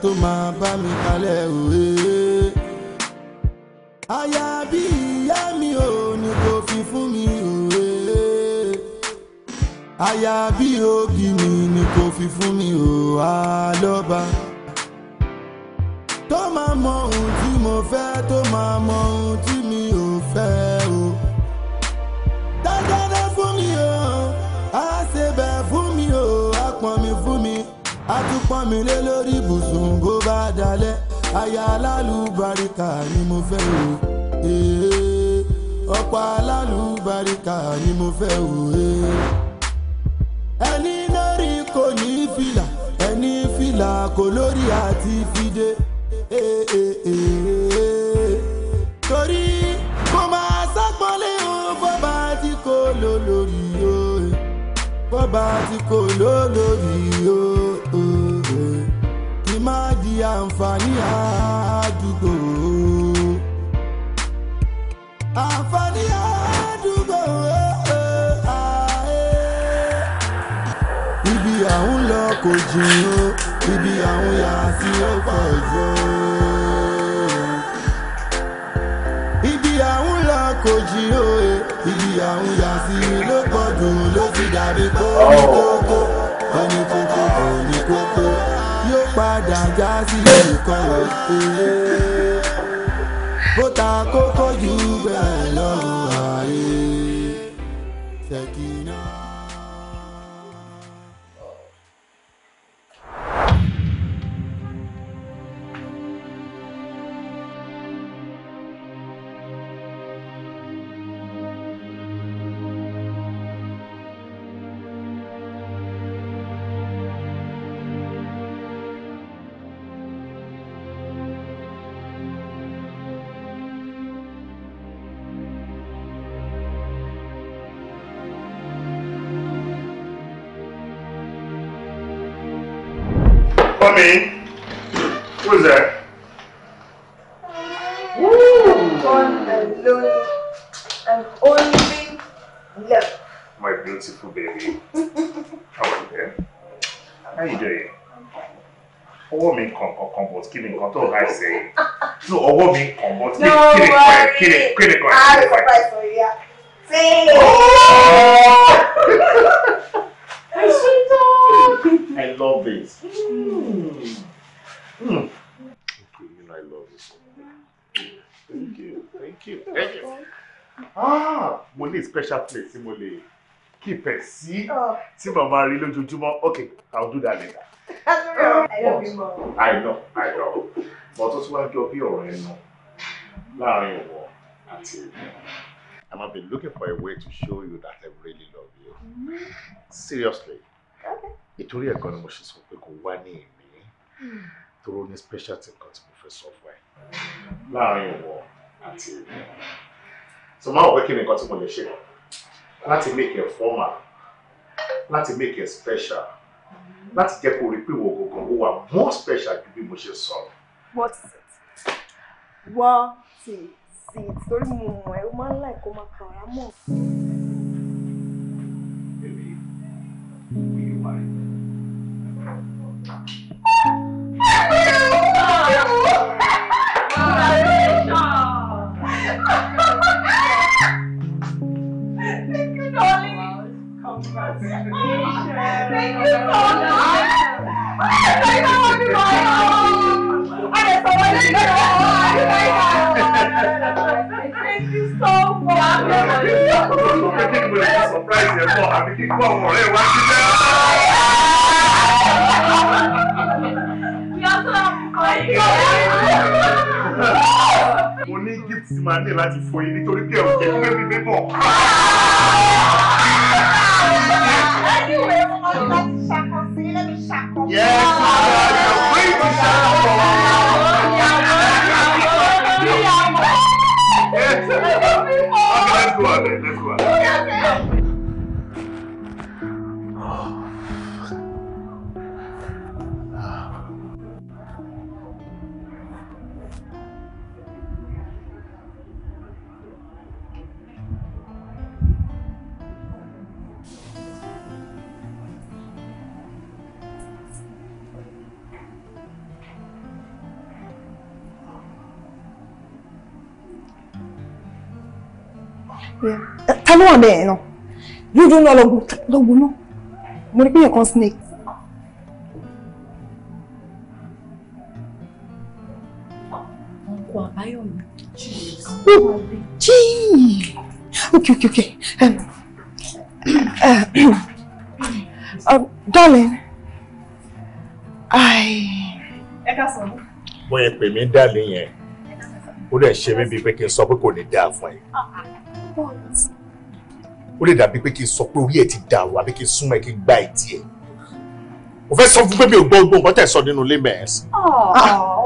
tomar. Mommy, who's that? Ooh. One and lonely and only love. My beautiful baby. How are you there? How you doing? ọwọ́ mi kàn kàn kàn but kí ni nǹkan tó hàn sẹ́yìn so ọwọ́ mi kàn but kí ni kàn kí ni kàn kí ni kàn. I love it. Mm. Mm. Okay, you know I love it. Thank you, thank you, thank you. Ah, mo ní special place tí keep it. See, see, Mama tí màmá do lójoojúmọ́. Okay, I'll do that later. I love you more. I know, I know. But tó tún wá jọ bí ọ̀rọ̀ ẹnu láàrin ìwọ àti ìwọ. I might looking for a way to show you that I really love you. Mm-hmm. Seriously ìtorí ẹ̀kan ni mo ṣe sọ pé kò wá ní èmi tóró ní special team kan tí mo fẹ́ sọ fún ẹ láàrin ìwọ àti èmi so máa wọ pé kí ni nǹkan tí mo lè ṣe láti make it formal láti make it special láti jẹ́ kó rí pé ìwọ gangan ó wà more special ju bí mo ṣe sọ. what is it? what is it? torí mo mọ̀ ẹ́ o máa ń láì kó máa kàrà mọ́. Baby, will you Thank you so much. Ọ̀rẹ́ ìgbà wọn bí wọ́n yọ. A lè sọ̀rọ̀ ní ìgbà wọn. Thank you so much. Thank you so much. Mo ní gift máa ní láti fún yín nítorí pé ọ̀jẹ̀ ní bẹ́ẹ̀ bí bẹ́ẹ̀ bọ̀. anyway, let's go ta ló wà bẹ́ẹ̀ náà lójú náà lọ́gbọ̀n náà mo rí pé yẹn kan snake. ọkọ̀ àbáyọ̀mí. jíì okay okay okay um, uh, um, darling i. ẹ ká sọ. wọ́n yẹn darling yẹn ó dẹ̀ ṣe mí bíi pé kí n sọ pé kò ní dáa fún ẹ. Ah, ah ó lè dàbí pé kí n sọ pé orí ẹ ti dàrú àbí kí n súnmọ́ ẹ kí n gba ìdí ẹ mo fẹ́ sọ fún pé mi ò gbọ́ gbogbo nǹkan tẹ̀ sọ nínú ilé mẹ́ẹ̀ẹ́sì. Ah, ah!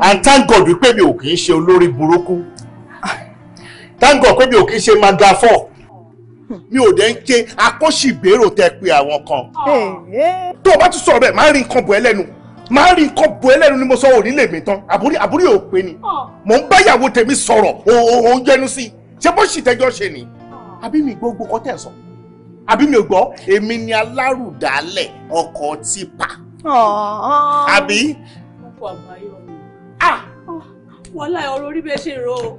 and thank God wípé mi ò kì í ṣe olórí burúkú thank God pé mi ò kì í ṣe magafọ́ mi ò dẹ̀ ń ṣe akọ́ṣìbérò tẹ pé àwọn kan. Ah. tó o bá tún sọ̀rọ̀ bẹ́ẹ̀ máa ń rí nǹkan bọ̀ ẹ́ lẹ́nu máa ń rí nǹkan bọ̀ ẹ́ lẹ́nu ni mo sọ òní lèmi tán àbúrí àbúrí ò pé ni mò ń báyàwó tèmi sọ̀rọ̀ òun jẹ́nu sí i ṣé bó sì tẹjọ́ ṣe ni ah. àbí mi gbogbo kọ́ tẹ̀ sọ àbí mi ò gbọ́ èmi ni alárùdálẹ̀ ọkọ̀ tipa ah. àbí. Ah. wọ́n láì ọ̀rọ̀ orí bẹ́ẹ̀ ṣe rò ó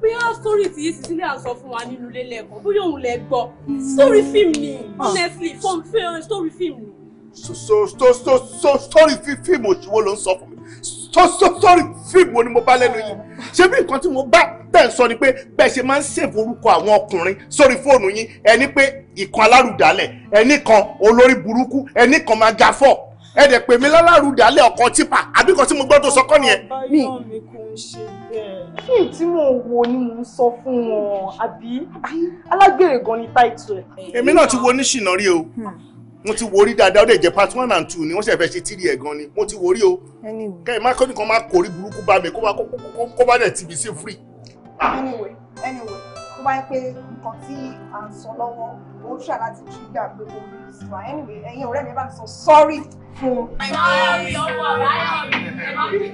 bóyá sórí tí yìí sísílẹ̀ à ń sọ fún wa nínú ilé lẹ́kọ̀ọ́ bóyá òun lẹ gbọ́ sórí fíìmù ni honestly fọ́ọ̀mù fẹ́ràn sórí fíìmù ni. sórí fíìmù òṣìwọ́ ló ń sọ fún mi sọ́sọ́sọ́rì fíìmù ni mo bá lẹ́nu yìí ṣé bí nǹkan tí mo bá tẹ̀ sọ ni pé bẹ́ẹ̀ ṣe máa ń ṣèwọ orúkọ àwọn ọkùnrin sórí fóònù yín ẹni pé ìkan alárùdálẹ̀ ẹni kan olórí burúkú ẹni kan máa ga fọ́ ẹ dẹ̀ pè mí lálárùdálẹ̀ ọkọ̀ tipa àbí kan tí mo gbọ́dọ̀ sọkọ́ nìyẹn. mi fíìmù tí mò ń wo ni mò ń sọ fún wọn àbí alágbèrè gan ni táìtù ẹ. èmi náà ti wo oníṣìnà rí o. Hmm mo ti worí dáadáa ó dẹ̀ jẹ́ part one and two ni wọ́n ṣe fẹ́ ṣe tírì ẹ̀ gan ni mo ti worí o kẹ́yìn má kọ́ni kan má kórí burúkú bá mi kó bá dẹ̀ tìbí sí free. Ah. anyway anyway tó bá yẹ pé nǹkan tí à ń sọ lọ́wọ́ ó ṣà láti jí gbà pé kò ní í sùn anyway ẹ̀yin ọ̀rẹ́ mi bá mi sọ sọ́rí fún un. sọ́rí ọwọ́ ráyọ̀ mi ẹ má bí.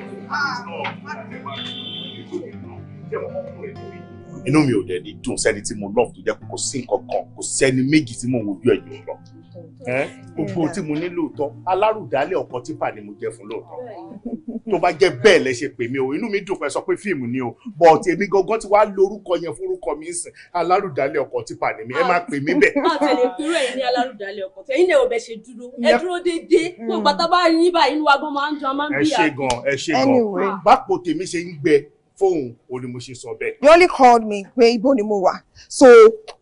inú mi ò dẹ̀ ní dùn sẹ́ni tí mo love tó jẹ́ pé kò sí nǹkan kan kò sẹ́ni méjì tí mò ń wojú ẹ̀yìn lọ gbogbo tí mo ní lóòótọ́ alárùdálẹ̀ ọkọ típà ni mo jẹ́ fún lóòótọ́ tó bá jẹ́ bẹ́ẹ̀ lẹ ṣe pè mí o inú mi dùn pé sọ pé fíìmù ni o but èmi gangan ti wá lórúkọ yẹn fúnrúkọ mi sìn alárùdálẹ̀ ọkọ típà ni mi ẹ máa pè mí bẹ́ẹ̀. ọ̀tẹ̀lẹ̀ kúrò ẹ̀yin ní alárùdálẹ̀ ọkọ tí ẹ̀yin lè wọ̀ bẹ́ẹ̀ ṣe dúró ẹ dúró déédéé gbogbo àtàbá yín báyìí inú wa gan máa ń dùn máa ń bí fóun ò ní mo ṣe sọ bẹ́ẹ̀. you only called me pé ibo ni mo wà so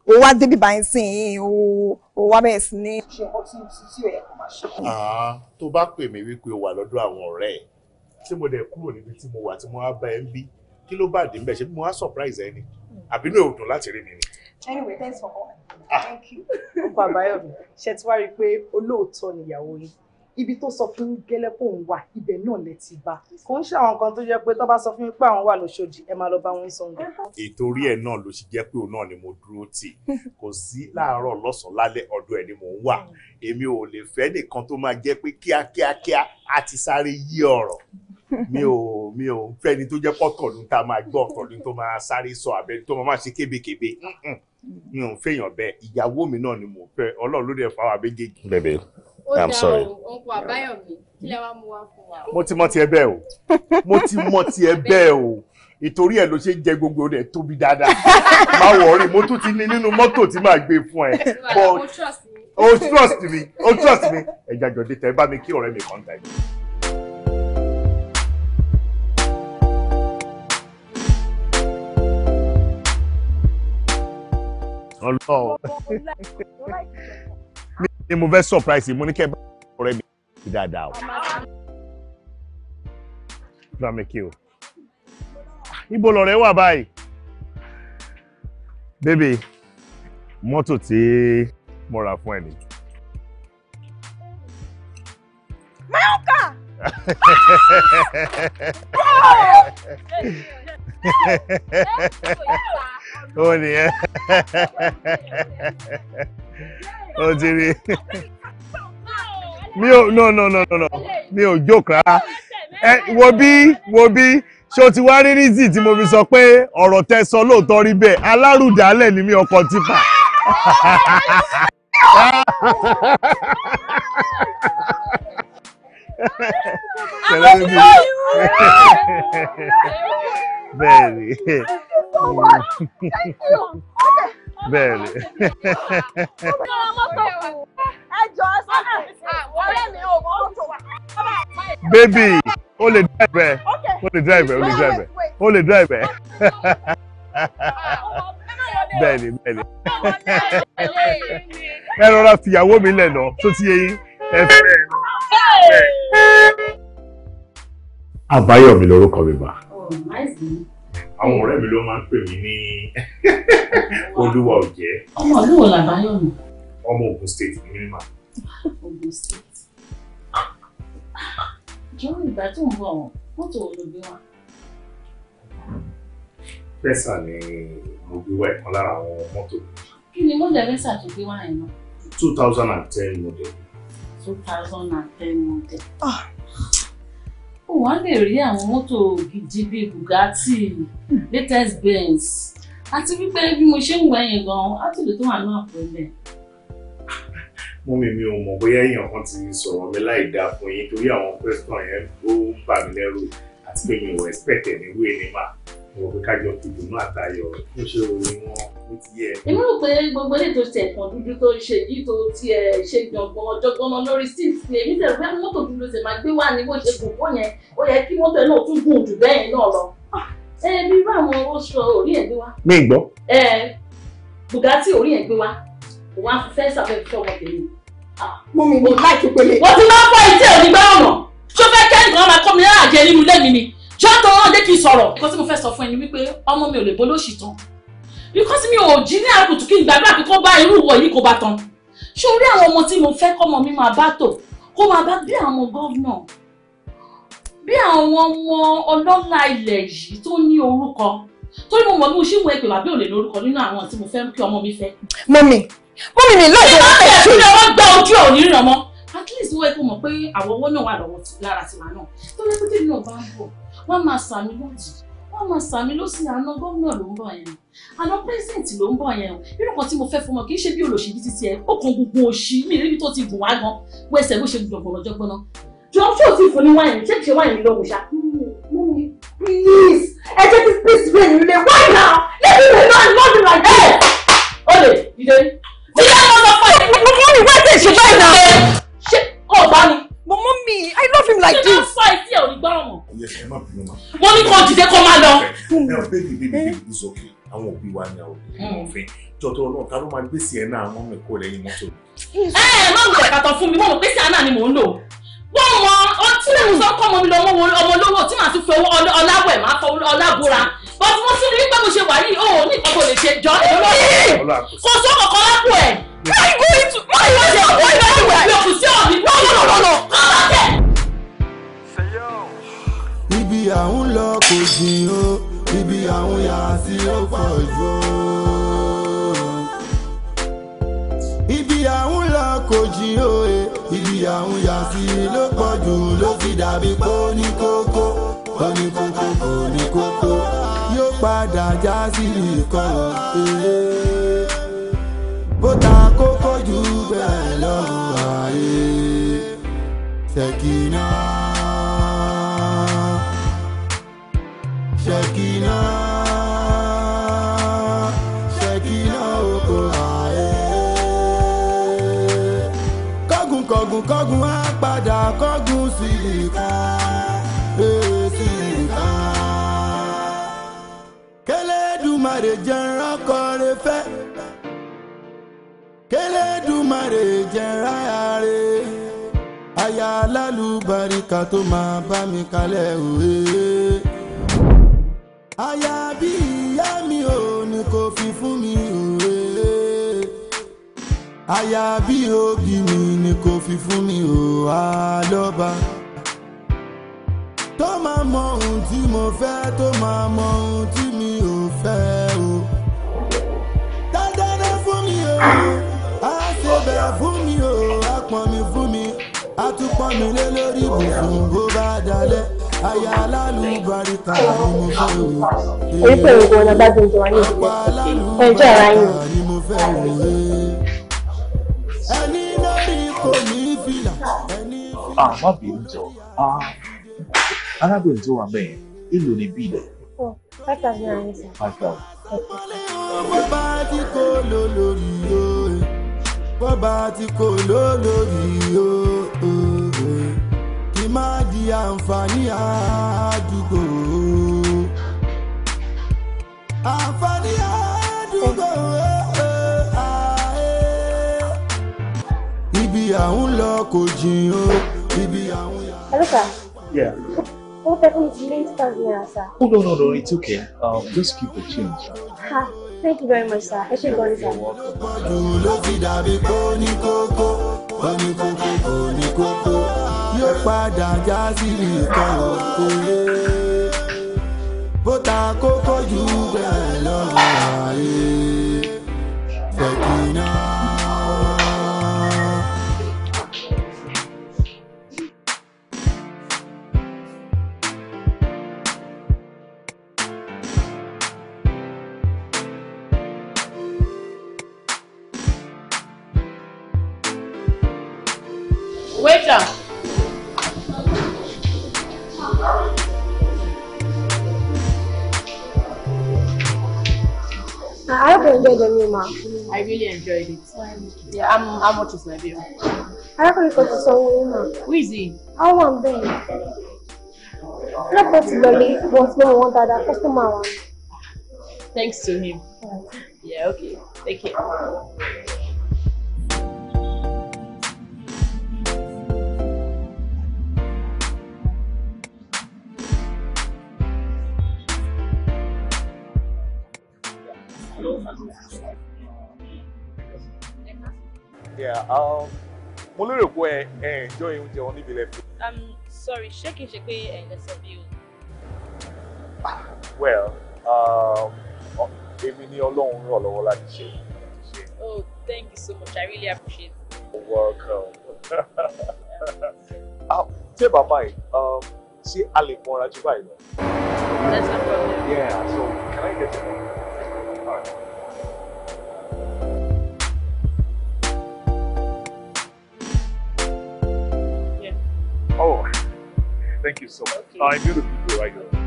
o wá débi báyìí sìn o o wá bẹ̀rẹ̀ sí ní. ṣe ọkọ tí tí ò yẹ kó máa ṣe. tó bá pè mí wípé o wà lọ́dọ̀ àwọn ọ̀rẹ́ ẹ̀ tí mo dẹ̀ kúrò níbi tí mo wà tí mo wá bá ẹ ń bí kí ló bá dé ń bẹ̀ ṣe bí mo wá surprise ẹ ni àbínú ẹ̀ ò dùn láti rí mi ni. anyway thanks for coming. Ah. thank you. ọkọ àbáyọ mi ṣe ti wá rí i pé olóòótọ́ nìyàwó yìí ibi tó sọ fún gẹ́lẹ́ kó ń wà ibẹ̀ náà lẹ ti bá kò ń ṣe àwọn nǹkan tó jẹ́ pé tó bá sọ fún pé àwọn wà lóṣòdì ẹ máa lọ bá wọn sọ nǹkan. Uh-huh. ètò orí ẹ̀ náà ló ṣe jẹ́ pé òun náà ni mo dúró tì kò sí láàárọ̀ lọ́sàn-án lálẹ́ ọ̀dọ̀ ẹ̀ ni mò ń wà mm. èmi ò lè fẹ́ nìkan tó máa jẹ́ pé kíákíákíá a ti sáré yí ọ̀rọ̀ mi ò mi ò fẹ́ ni tó jẹ́ pọ́tọ̀ ló ń máa gbọ́ ọ̀tọ̀ tó máa sáré sọ àbẹ́ni tó máa ṣe kébékébé mi ò fẹ́yàn bẹ́ẹ̀ ìyàwó mi náà ni mo fẹ́ ọlọ́run ló dẹ̀ fáwọn àbẹ́jẹ́jì. bẹ́ẹ̀ bẹ́ẹ̀ i'm sorry. mo ti mọ tiẹ bẹ́ẹ̀ o mo ti mọ tiẹ bẹ́ẹ̀ o ìtorí ẹ ló ṣe jẹ gbogbo rẹ tóbi dáadáa má wọrí mo tún ti ní nínú mọ́tò tí màá gbé fún ẹ o trust me Oh, trust me ẹ jàjọ dé tẹ bá mi kí ọ̀rẹ́ mi kàn tẹ. ọlọ́run ni mo fẹ́ surprise mo ní kẹ́ bá ọ̀rẹ́ mi ti dáadáa o. Ramike o. Ibo lọ̀rẹ́ wà báyìí? Bébè, mọ́tò tí mo rà fún ẹ ni. Máyọ̀ká! Ó nìyẹn. o ti mi ò no no no no mi ò jókòó ẹ wo bí wo bí ṣé o ti wá rí rízì tí mo fi sọ pé ọ̀rọ̀ tẹ sọ lóòótọ́ rí bẹ́ẹ̀ alárùdálẹ̀ ni mi ọkọ̀ tipa. bẹ́ẹ̀ni. bẹ́ẹ̀ ni. baby o lè drive ẹ o lè drive ẹ o lè drive ẹ o lè drive ẹ bẹ́ẹ̀ ni bẹ́ẹ̀ ni ẹ rọra fìyàwó mi lẹ̀ náà tó ti yẹ ẹ fẹ́ ẹ. àbáyọ̀mí lorúkọ mi bá àwọn ọ̀rẹ́ mi ló máa ń pè mí ní olúwa òjẹ́. ọmọ ìlú wo làbáyọ nù. ọmọ Ògùn state ní mímà. Ògùn state. jọ̀wọ́ ìgbà tó ń bọ̀ wọ́n mọ́tò wo ló gbé wá. fẹ́sà ni mo gbé wá ìkan lára àwọn mọ́tò. kí ni mọ́tò fẹ́sà tó gbé wá yẹn náà. two thousand and ten model. two thousand and ten model. Ah, wà á lè rí àwọn mọ́tò gidi bíi Bugatti latest Benz àti wípé bí mo ṣe ń wọ ẹ̀yìn gan átòlè tó wà náà pọ̀ lẹ̀. mú mi mi ò mọ̀ bóyá èèyàn kan ti sọ̀rọ̀ mi láì dáa fún yín torí àwọn question yẹn ó bà mí lẹ́rù àti pé mi ò expect ẹ̀ ẹni máa wọ́n fi kájọ fi dùnú àtayọ̀ ó ṣe òwe wọn ó ti yẹ. èmi rò pé gbogbo ilé tó ṣe ẹ̀kan dúdú tó ṣe yìí tó ti ẹ̀ ṣe jọ̀gbọ̀n jọ̀gbọ̀n lórí six ni èmi tẹ̀lé pé mọ́tò dúdú ṣe máa gbé wá ní bó ṣe gùn fún yẹn ó yẹ kí mọ́tò náà tún gùn jù bẹ́ẹ̀ náà lọ. Ah, ẹbí bá àwọn oṣù orí ẹ̀ gbé wá. mi gbọ́. ẹ Bugatti orí ẹ̀ gbé wá òun á fẹ́ sàfẹ́fẹ́ ọmọ tèmi. Ah, mú mi ṣáàtọ̀ náà dé kí n sọ̀rọ̀ nǹkan tí mo fẹ́ sọ fún ẹ ni wípé ọmọ mi ò lè bọ́ lóṣì tán because mi ò jí ní àkùtù kí n gbàgbé àkókò bá irú ìwọ yìí kó bá tán ṣé orí àwọn ọmọ tí mo fẹ́ kọ́mọ mi máa bá tò kó máa bá bí àwọn gọ́vnà bí àwọn ọmọ ọlọ́lá ilẹ̀ yìí tó ní orúkọ torí mo mọ̀ bí mo ṣì wọ ẹ̀pẹ̀ wà bí ò lè lórúkọ nínú àwọn tí mo fẹ́ kí ọmọ mi fẹ́. mọ́mì mọ́mì mi lọ́ọ̀dọ̀ wọ́n fẹ́ ṣe. ìbáfẹ́ ìbáfẹ́ gba ojú ẹ̀ òní ràn mọ́ at least wọ́n ẹ̀kọ́ mọ̀ pé àwọn owó náà wà lọ́wọ́ lára tiwa náà tó lẹ́kùn tí mi náà bá ń bọ̀ wọ́n máa sàmì lọ́tì wọ́n máa sàmì lọ́sì àná gómìnà ló ń bọ̀ yẹn àná president ló ń bọ̀ yẹn o irú kan tí mo fẹ́ fún ọ kì í ṣe bí olóṣèlú ti tiẹ̀ ó kan gbogbo òṣì mi níbi tó ti gùn wá gan wọ ẹsẹ̀ bó ṣe gbọ̀ngbọ̀n lọ́jọ́ gbọ́ná. ṣé kì please ẹ jẹ́ kí now let me know i love you like that. olè ìdè. ti yá lọ́dọ̀ fún ẹ̀ mo mú ìwé tí ì ṣe báyìí náà. ṣé ọ̀gbá ni But mommy, I love him like this. Ṣé ló sọ ìdí ẹ̀ ò oh, Yes, ẹ má bínú ma. Wọ́n ní kàn dìde Baby, baby, lọ. Ẹ ò bẹ́ẹ̀ bíbí bíbí bíbí sókè. Àwọn òbí wa ni àwọn òbí wọn hmm. fẹ́. Jọ̀tọ̀ ọlọ́run ta ló máa gbèsè ẹ̀ náà àwọn ọmọ ẹ̀kọ́ lẹ́yìn I'm Ẹ ẹ̀ wọ́n mọ ọtí mò ń sọ kọ́ ọmọ mi lọ ọmọ olówó tí màá tún fi owó ọláwẹ̀ máa fọ ọlábúra bọ́tí mo tún rí pé mo ṣe wà yìí ó ní ìkọ́kọ́ lè ṣe jọ ìlú kò sọ kọ̀kọ́ lápò ẹ̀. káyì kò ìtù má yọ ṣe ọ̀pọ̀ ìdájúwẹ̀. mi ò kù sí ọ̀bí lọ́lọ́lọ́lọ́ kọ́ńtàkẹ́. ibi à ń lọ kò jìn o ibi à ń yà sí ó pọ̀ jù o ibi àwọn lọ kò jí òye ibi àwọn yà sí ló pọ̀ jù ló fi dàbí pé ó ní kókó ó ní kókó kò ní kókó yóò padà já sí ìkọlọ bó ta kókó jù bẹ́ẹ̀ lọ́rùn ààyè ṣèkínà ṣèkínà. kọ́gùn kọ́gùn á padà kọ́gùn sí ìka èsì e ìka. kélédùmarè jẹran kọre fẹ́ kélédùmarè jẹran ààrẹ aya alálùbáríkà tó máa bá mi kalẹ̀ òwe. aya bí ìyá mi ò ní kò fi fún mi òwe aya bí òbí mi ni kò fi fún mi ò àlọ́ba tó máa mọ ohun tí mo fẹ́ tó máa mọ ohun tí mi ò fẹ́ o dáadáa fún mi o á ṣe bẹ̀rẹ̀ fún mi o á pọn mi fún mi á tún pọn mi lé lórí ibùsùn bó bá dalẹ̀ aya alálùbáríkà ni mo fẹ́ o. èyí pẹ̀lú ìgbọ̀nà bá dùn jù wá ní ìdílé ara yín àmọ́ ah, bìí jọ ah, arábìnrin tó wà bẹ́ẹ̀ ìlú ni bíi rẹ̀. five thousand naira ní sàn. ibi à lọ kò jìn o ibi à ń yeah. What happened to late five naira, sir? Oh no no no, it's okay. Um, just keep the change. Ha. Thank you very much, sir. I should go ni, sir. Ló enjoyed the meal, ma. I really enjoyed it. Yeah, I'm, how much is my bill? I reckon it costs some money, ma. Who is he? I want them. Not possibly, but no, I want that customer Thanks to him. Yeah, okay. Take care. Yeah, um, mo lérò pé ẹ enjoy oúnjẹ wọn níbi lẹ́fẹ̀. I'm um, sorry, ṣé kìí ṣe pé ẹ̀yin lè sọ bí o? Ah, well, um, èmi ni Ọlọ́run ràn lọ́wọ́ láti ṣe. Oh, thank you so much. I really appreciate it. You're welcome. Ah, ṣé bàbá yìí, um, ṣé a lè mọra jù báyìí lọ? That's no problem. Yeah, so can I get your number? Thank you so much. I I'm beautiful people right now.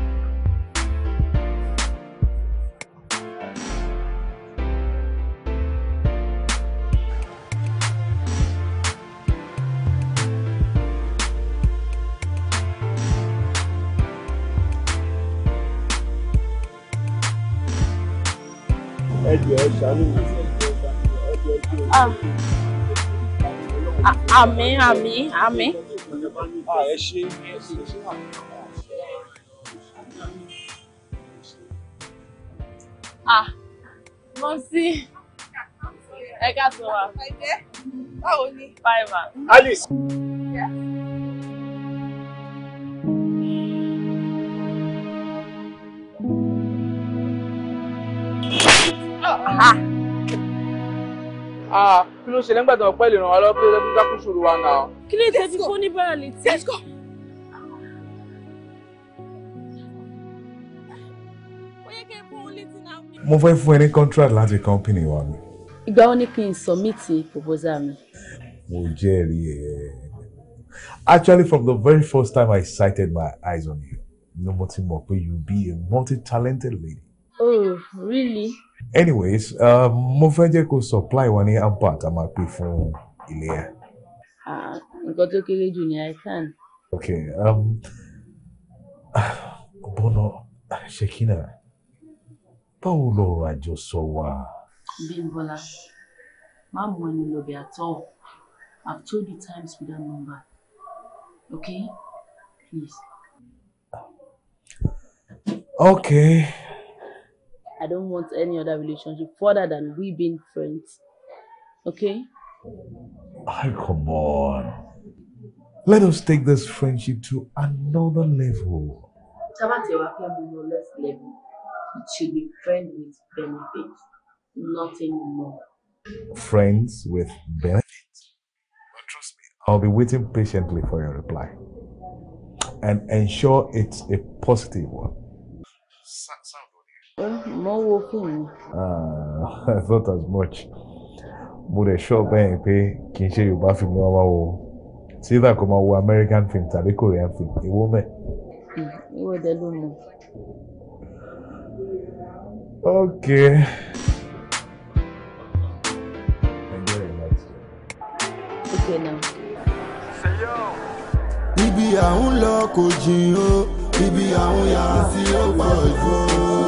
Àmín, àmín, àmín. Ah, ẹ ṣe ẹ ṣe ah mo sí ẹ ká tó wa báwo ni bye ma. Alice. Ah. Ah. ah kí ló ṣẹlẹ̀ nígbà tí wọ́n pẹ́ lè ràn wá lọ́wọ́ kí ló ṣe ṣòro wa náà. kí ló tẹ́ fi fún ní bára létí. let's go. mo fẹ́ fún ẹ ní contract láti company wa mi. ìgbà wo ni kí n submit proposal mi. mo jẹ́rìí ẹ̀ actually from the very first time I sighted my eyes on you ni mo ti mọ̀ pé you be a multi-talented lady oh really. anyways um, mo fẹ́ jẹ́ kó supply wa ní hamper tá a máa pè fún ilé ẹ̀. Ah, nǹkan tó kéré jù ni i can. okay um, bọ́nà ṣèkínà báwo lọ̀rọ̀ àjọsọ wa. bímbọ́lá má mọ ẹni lọ́bẹ̀ at all i've told you times with that number okay please. okay. I don't want any other relationship further than we being friends. Okay? I come on. Let us take this friendship to another level. let less level. It should be friends with benefits, nothing more. Friends with benefits? But trust me, I'll be waiting patiently for your reply and ensure it's a positive one. So, so. mo wo fíìmù. Ah, not as much mo lè ṣọ́ bẹ́ẹ̀ pé kì í ṣe yorùbá fíìmù wa máa wo tí ìdá kò máa wo american film tàbí korean film èwo mẹ́. ìwé hmm, dẹ ló mọ. okay. Okay now. Ibi à ń lọ kò jìn o, ibi à ń sí ó pọ̀ jù o.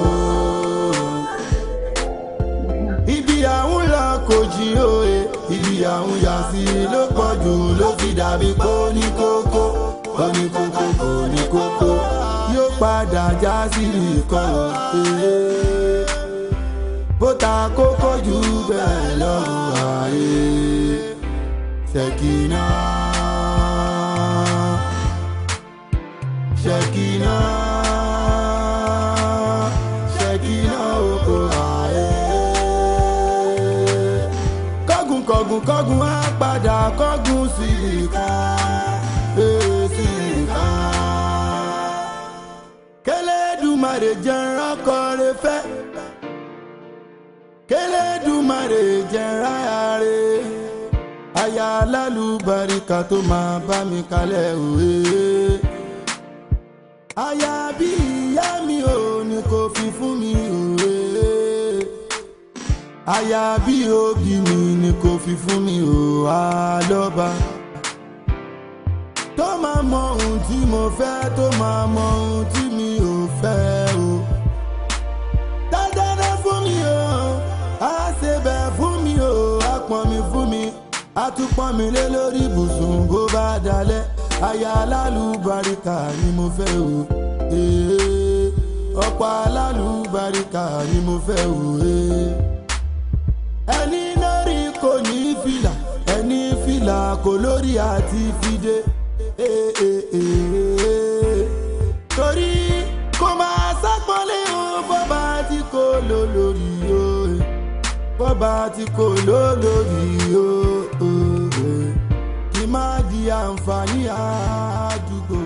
ìyàwó la kò jí òye ìyàwó yà sí ló pọ̀ jù ló fi dàbí kó ní kókó kó ní kókó kó ní kókó yóò padà já sí ìkọlọ bó ta kókó jù bẹ́ẹ̀ lọ́rùn ààyè ṣèkínà ṣèkínà. kọ́gùn kọ́gùn á padà kọ́gùn sí ìka e sí ìka. kẹlẹ́dùmarè jẹ̀rán akọrin fẹ́ kẹlẹ́dùmarè jẹ̀rán ààrẹ aya alálùbáríkà tó máa bá mi kalẹ̀ òwe. aya bí ìyá mi ò ní kò fi fún mi òwe aya bí ògì mi ni kò fi fún mi ò àlọ́ba tó máa mọ ohun tí mo fẹ́ tó máa mọ ohun tí mi ò fẹ́ o dáadáa fún mi o á ṣe bẹ́ẹ̀ fún mi o á pọn mi fún mi á tún pọn mi lé lórí ibùsùn bó bá dalẹ̀ aya alálùbáríkà ni mo fẹ́ o eh, ọ̀pọ̀ alálùbáríkà ni mo fẹ́ o. Eh ẹni náà rí kò ní fìlà ẹni fìlà kò lórí àti fìdé torí kò máa sápọ́nlé o bọ́ba tí kò lò lórí o bọ́ba tí kò lò lórí o kì má di àǹfààní àdúgbò.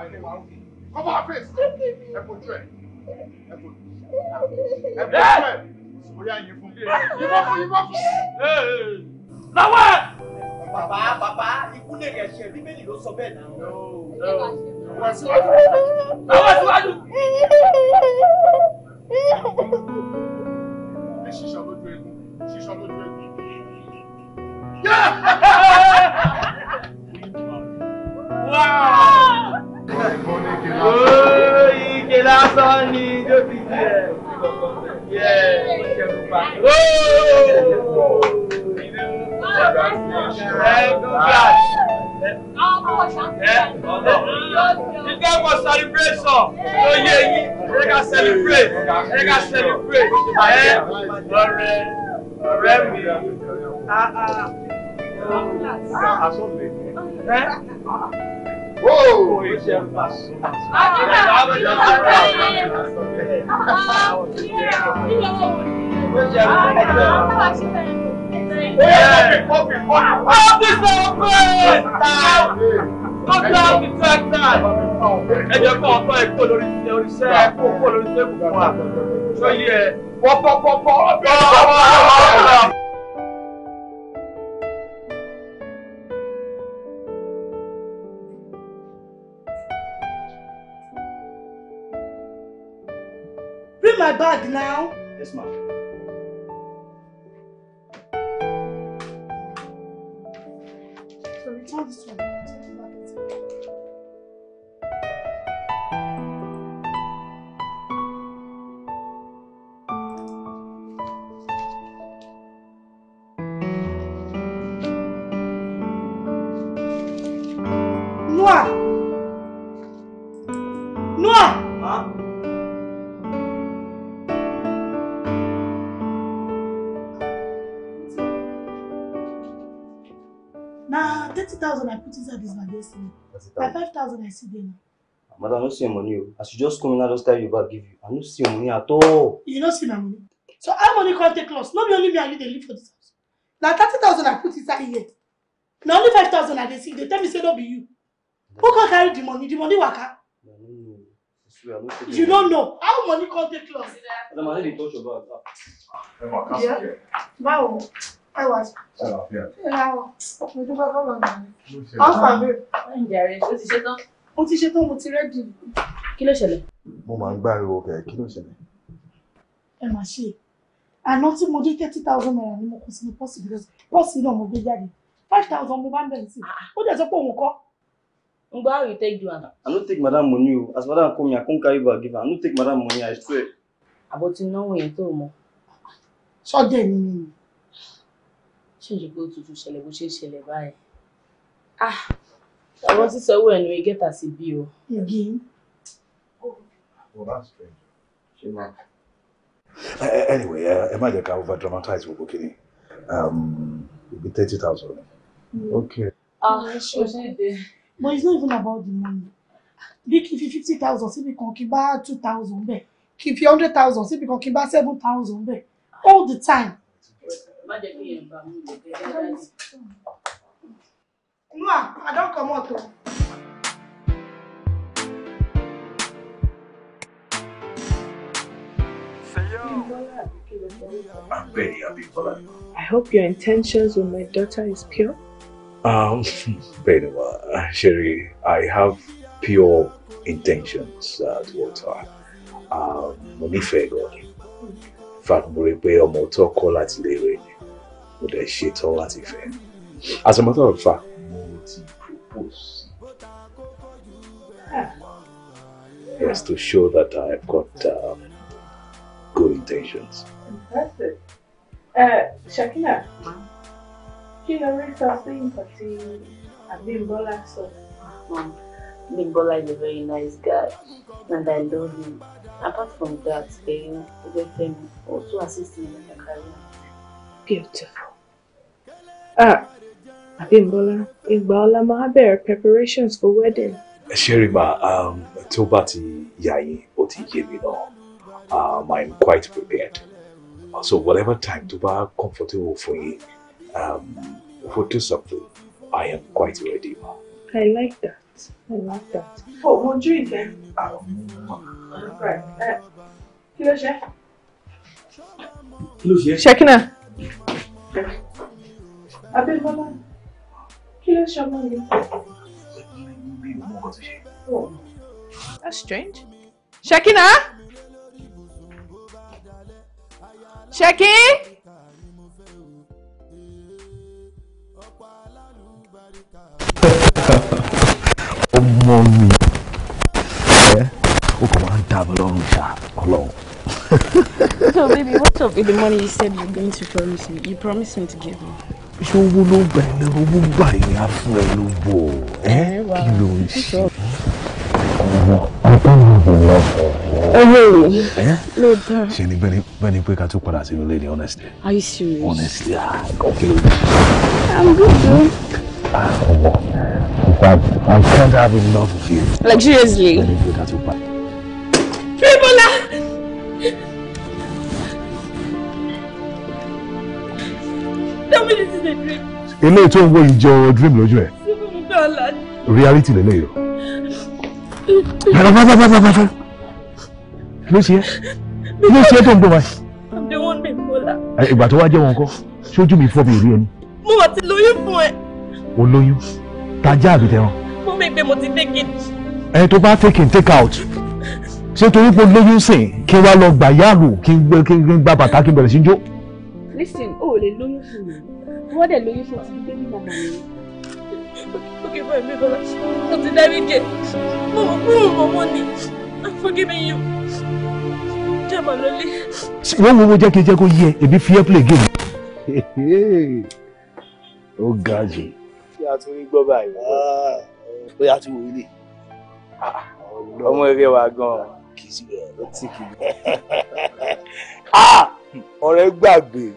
wà ilé wa òkè cover her face ẹ fojú ẹ ẹ fojú ẹ fojú ẹ sòrí àyè fún mi yíwọ́ fún yíwọ́ fún. lọ́wọ́ ẹ̀. bàbá bàbá ikú lè rẹ̀ ṣe bíbélì ló sọ bẹ́ẹ̀ náà. lọ́wọ́ síwájú. lọ́wọ́ síwájú. ẹ ṣiṣọ́ lójú egun ṣiṣọ́ lójú egun. Yeah! wow! Ike lásán ni tó ti di ẹ̀. Ike for celebration ló yé yín. Ẹ ká celebrate. Ẹ ká celebrate. Ẹ ọ̀rẹ́ ọ̀rẹ́ mi. Aṣọ mi. Ẹjọ́ kan ọ̀pọ̀ ẹ̀kọ́ lórí iṣẹ́ ẹ̀kọ́ kó lórí iṣẹ́ ìbùkún wa. Ṣọ́yí ẹ̀ pọ́pọ́pọ́pọ́ ọ̀pọ̀ ọ̀pọ̀ ọ̀pọ̀ ọ̀pọ̀. Open my bag now. Yes, ma'am. So return this one. listen. five thousand I see there now. Ah, madam, no see money. I should just come in and just carry you back, give you. I no see money at all. You no see my money. So how money come take loss? Not only me and you They live for this house. Now thirty thousand I put inside here. Now only five thousand I dey see. They tell me say no be you. Who can carry the money? The money worker. You don't know how money come take loss. Madam, I need to touch your bag. Ah. Yeah. Wow ẹ wà sí. ẹ ra wọ mo dúpẹ́ fọlọ́ mi. ọ̀sán mi. oúnjẹ rẹ o ti ṣe tán. mo ti ṣe tán mo ti rẹ́dì. kí ló ṣẹlẹ̀. mo máa ń gbáriwo kẹ̀ kí ló ṣẹlẹ̀. ẹ má ṣe àná tí mo dé thirty thousand naira ni mo kó sínú pọ́ọ̀sì because pọ́ọ̀sì náà mo gbé jáde five thousand mo bá ń bẹ̀rẹ̀ sí ó dẹ̀ sọ pé òun kọ́. Ngwa, how you take do am? I no take madam money o. As madam come here, I come carry bag give her. I no take madam money, I swear. Àbò ti náwó yẹn tó mọ. Sọ́jà ẹ̀mí ni ṣèjì pé ó tuntun ṣẹlẹ̀ bó ṣe ṣẹlẹ̀ báyìí ah àwọn sísọ owó ẹnu igẹ́ta sí bí o. igi. anyway ẹ má jẹ́ ká over dramatize gbogbo kìíní um, ibi thirty thousand. Hmm. okay. ah ṣe ṣe dé. but it's not even about the money bí kí n fi fifty thousand síbi kan kí n bá two thousand bẹ́ẹ̀ kí n fi hundred thousand síbi kan kí n bá seven thousand bẹ́ẹ̀ all the time. I I'm very happy for her. I hope your intentions with my daughter is pure. Um, Benua, Sherry, I have pure intentions uh, towards her. Um, mo nífẹ̀ẹ́ gan ni. In fact, mo rí i pé ọmọ mo dẹ̀ ṣetán if fẹ́. as a matter of fact. just Yes, to show that I've got um, good intentions. Impressive. Uh, Shakina, kí ló rí sọ sí nǹkan tí Abimbola sọ? Abimbola is a very nice guy and I love him. Apart from that, Eyo, him also assists me in the career. Beautiful. Ah, Abímbọ́lá ìgbà ọ̀la máa bẹ̀rẹ̀ preparations for wedding. Sherry ma, um, to bá ti yà yín ó um, I'm quite prepared so whatever time to ba comfortable for you, um, for do something I am quite ready. Ma. I like that I like that. Ó mojú ìfẹ́. Kí ló ṣe? Kí ló ṣe? Ṣẹ́kínà. Abímbọ́lá, kí ló ṣọmọ mi? That's strange. Ṣèkínà? Ṣèkí? Ọmọ mi ẹ o kò máa ń dábọ̀ lọ́rùn ṣá ọlọ́run. So baby, what up with the money you said you're going to promise me? You promised me to give me ṣé owó ló gbà ẹ́ náà owó gbà ẹ́ á fún ẹ ló bọ̀ ẹ́ kí ló ń ṣe. ọ̀tá ló dára. Ṣé ni bẹ́ẹ̀ pé ká tún padà sínú ilé ni honestly. Are you serious? Honestly, ah, okay. I'm good Ah, ọmọ, I can't have enough of you. Luxuriously. Bẹ́ẹ̀ ni pé ká tún padà. Bíbọ́lá. tell me this is a dream. eléyìí tó ń wọ ìjọ dream lójú ẹ reality lélẹ́yìí o. bẹ̀rẹ̀ fẹ́ fẹ́ fẹ́ fẹ́ fẹ́ fẹ́ ló ṣe é ló ṣe é tó ń gbọ́ báyìí. àbí wọn mi kó la. ìgbà tó wá jẹ́ wọn kọ́ ṣojú mi fọ́ mi rí ẹni. mo mà ti lóyún fún ẹ. o lóyún tajá àbí tẹran. mo mọ̀ pé mo ti take it. ẹni tó bá take it. take out ṣé torí pé lóyún sìn kí n wá lọ gbà yáàlù kí n gbà bàtà kí n bẹ̀rẹ̀ sí jó listen o ò lè lóyún fún mi wọ́n dẹ̀ lóyún fún ti bébí màmá mi. okay boy mi bọ́lá mo ti dárí jẹ mo mọ̀ pé mo mọ̀ ni i'm forgiving you jẹ́ màá lọlé. wọ́n wo owó jẹ́ kí n jẹ́ kó yẹ èmi fi ẹ́ play game. ó ga jù. kí a tún rí gbọ́ báyìí ah, ó yà á tún wò ó lè ah, ọmọ eré wa gan ah, kìí sí bẹ́ẹ̀ ló tì kìí. ọ̀rẹ́ gbàgbé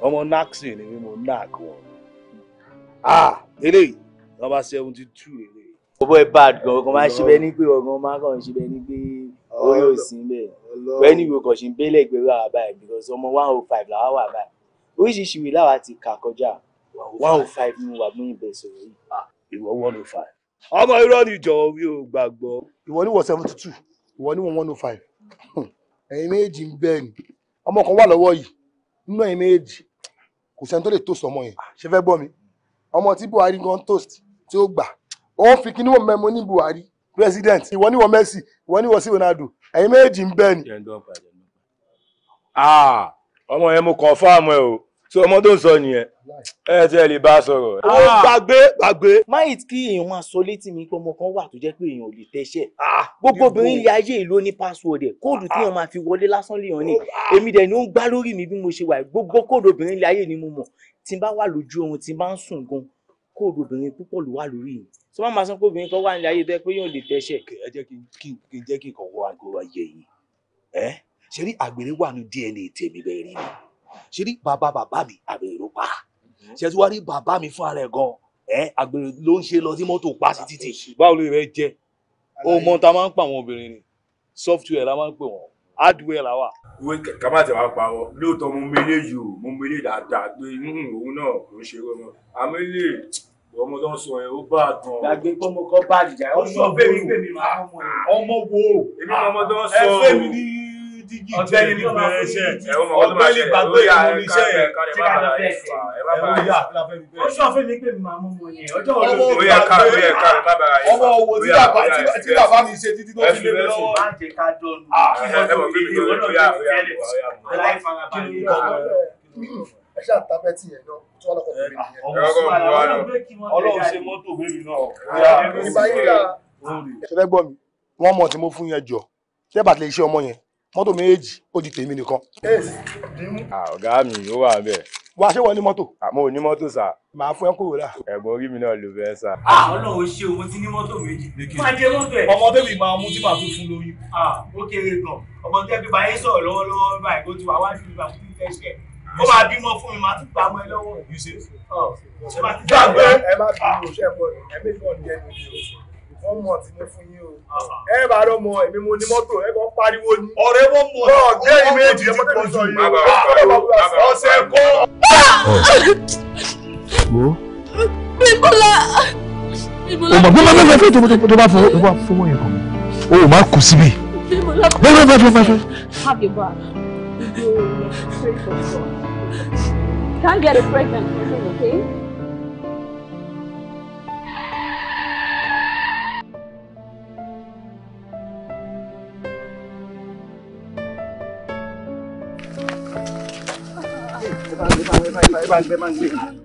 ọmọ naxi ni mo nack wọn ah eléyìí nọ́mbà seventy two eléyìí. owó ẹ bad gan ọkàn máa ń ṣe bẹ́ẹ̀ ní pé ọkàn máa kàn ṣe bẹ́ẹ̀ ní pé orí ò sí bẹ́ẹ̀ ní ìwé kan ṣe ń bẹ́lẹ̀ ìgbéró àwa báyìí because ọmọ one oh five làwa wà báyìí oríṣiríṣi ìwé làwa ti kà kọjá one oh five ni wà mú ìbẹ̀ sọ̀rọ̀ yìí. Ah, ìwọ one oh five ọmọ irọ́ ni ìjọ̀wọ́ mi ò gbàgbọ́. ìwọ ni wọ́n seventy two ìwọ ni wọ́n one oh five ẹ̀yin méjì ń bẹ́ẹ̀ ni ọmọ kan wà lọ́wọ́ yìí nínú ẹ̀yin méjì kò sẹ́ni tó lè toast ọmọ yẹn ṣe fẹ́ gbọ́ mi ọmọ tí Buhari gan toast tí ó gbà ó ń fi kíní wọ mẹ́mọ ní Buhari president ìwọ níwọ Messi ìwọ níwọ sí Ronaldo ẹ̀yin méjì ń bẹ́ẹ̀ ni. Ah, ọmọ yẹn mo confirm ẹ o so ọmọ tó ń sọ nìyẹn ẹ ti ẹ lè bá a sọ̀rọ̀. Ah. ó gbàgbé gbàgbé. máyì kí èèyàn máa sọ létí mi pé ọmọ kan wà tó jẹ́ pé èèyàn ò lè tẹ́ṣẹ̀. Ah, gbogbo obìnrin ilé ayé ìlú ní password ẹ̀ kóòdù tí ah. èèyàn máa fi wọlé lásán lèèyàn ni èmi dẹ̀ ni ó ń gbá lórí mi bí mo ṣe wà gbogbo kóòdù obìnrin ilé ayé ni mo mọ̀ tí n bá wà lójú oorun tí n bá ń sùn gan kóòdù obìnrin púpọ̀ ló wà lórí mi tí wọ́n máa sọ pé obìnrin kan wà nílé ayé bẹ́ẹ̀ pé yóò lè tẹ́ṣẹ̀. ẹ jẹ́ kí n DNA tèmi bẹ́ẹ̀ rí ni ṣe rí bàbá bàbá mi àgbèrè ló pa ṣe tí wàá rí bàbá mi fún ara ẹ̀ gan ẹ àgbèrè ló ń ṣe lọ sí mọ́tò pa sí títì. báwo lè rẹ jẹ ọmọ ta máa ń pa àwọn obìnrin ni software la máa ń pè wọn hardware la wà. ìwé kẹ̀kẹ́ má ti pa ọ lóòótọ́ mo mélé yìí o mo mélé dáadáa pé hmm, òun náà kò ń ṣe é wọn àmọ́ ilé ọmọ tó ń sọ ẹ ó bá a tán. gbàgbé gbọmọ kan bá àdìjà ó sọ bẹ́ẹ̀ mi ọmọ wo èmi ah, fẹ́ mi ní dígí jẹ́ ní bẹ̀rẹ̀ iṣẹ́ ọ̀gbẹ́ni gbàgbé ìmúni iṣẹ́ yẹn tí ká lọ bẹ́ẹ̀ sẹ́ ẹ̀rọ yà ó sọ fún pé mi mú mọ yẹn ọjọ́ wo ló ọmọ owó tí bàbá mi ṣe títí tó fi lé lọ́wọ́. má jẹ ká dọnu ọlọ́run ṣe mọ́tò bẹ́ẹ̀ náà. ìbáyé rà mi wọ́n mọ̀ tí mo fún yẹn jọ ṣé bàtà lè ọmọ yẹn mọ́tò méjì ó di tèmi nìkan. ọ̀gá mi yóò wà bẹ́ẹ̀. wá ṣé wọ́n ní mọ́tò. àmọ́ ò ní mọ́tò sà. màá fún ẹ kúrò rà. ẹ̀gbọ́n orí mi náà ló fẹ́ sà. ọlọ́run ó ṣe òun ti ní mọ́tò méjì. máa jẹ mọ́tò ẹ̀. ọmọ bébì máa mú tí màá tún fún lóyún. ó kéré gan ọmọ tó ẹbí báyé sọ̀rọ̀ lọ́wọ́lọ́wọ́ báyìí kó ti wà wájú mi bá fún fẹ́ ṣẹ ó máa bímọ fún mi máa tún gba ọmọ ẹ lọ́wọ́. ṣé máa ti dá wọ́n mọ̀ tí mo fún yín o ẹ bá rọ mọ èmi mo ní mọ́tò ẹ kàn pariwo ni. ọ̀rẹ́ wọ́n mọ̀ ọ́ jẹ́ ìmẹ̀jì ọmọdé mi sọ yìí ọ̀sẹ̀ kó. wo. bíbélà. o mọ̀ bíbélà bíbélà fẹ́ tó bá fọwọ́ bá fọwọ́ yẹn kàn mí o ò má kù síbi. bíbélà bíbélà bíbélà. have your back. Can't get it pregnant, okay? ẹ bá ń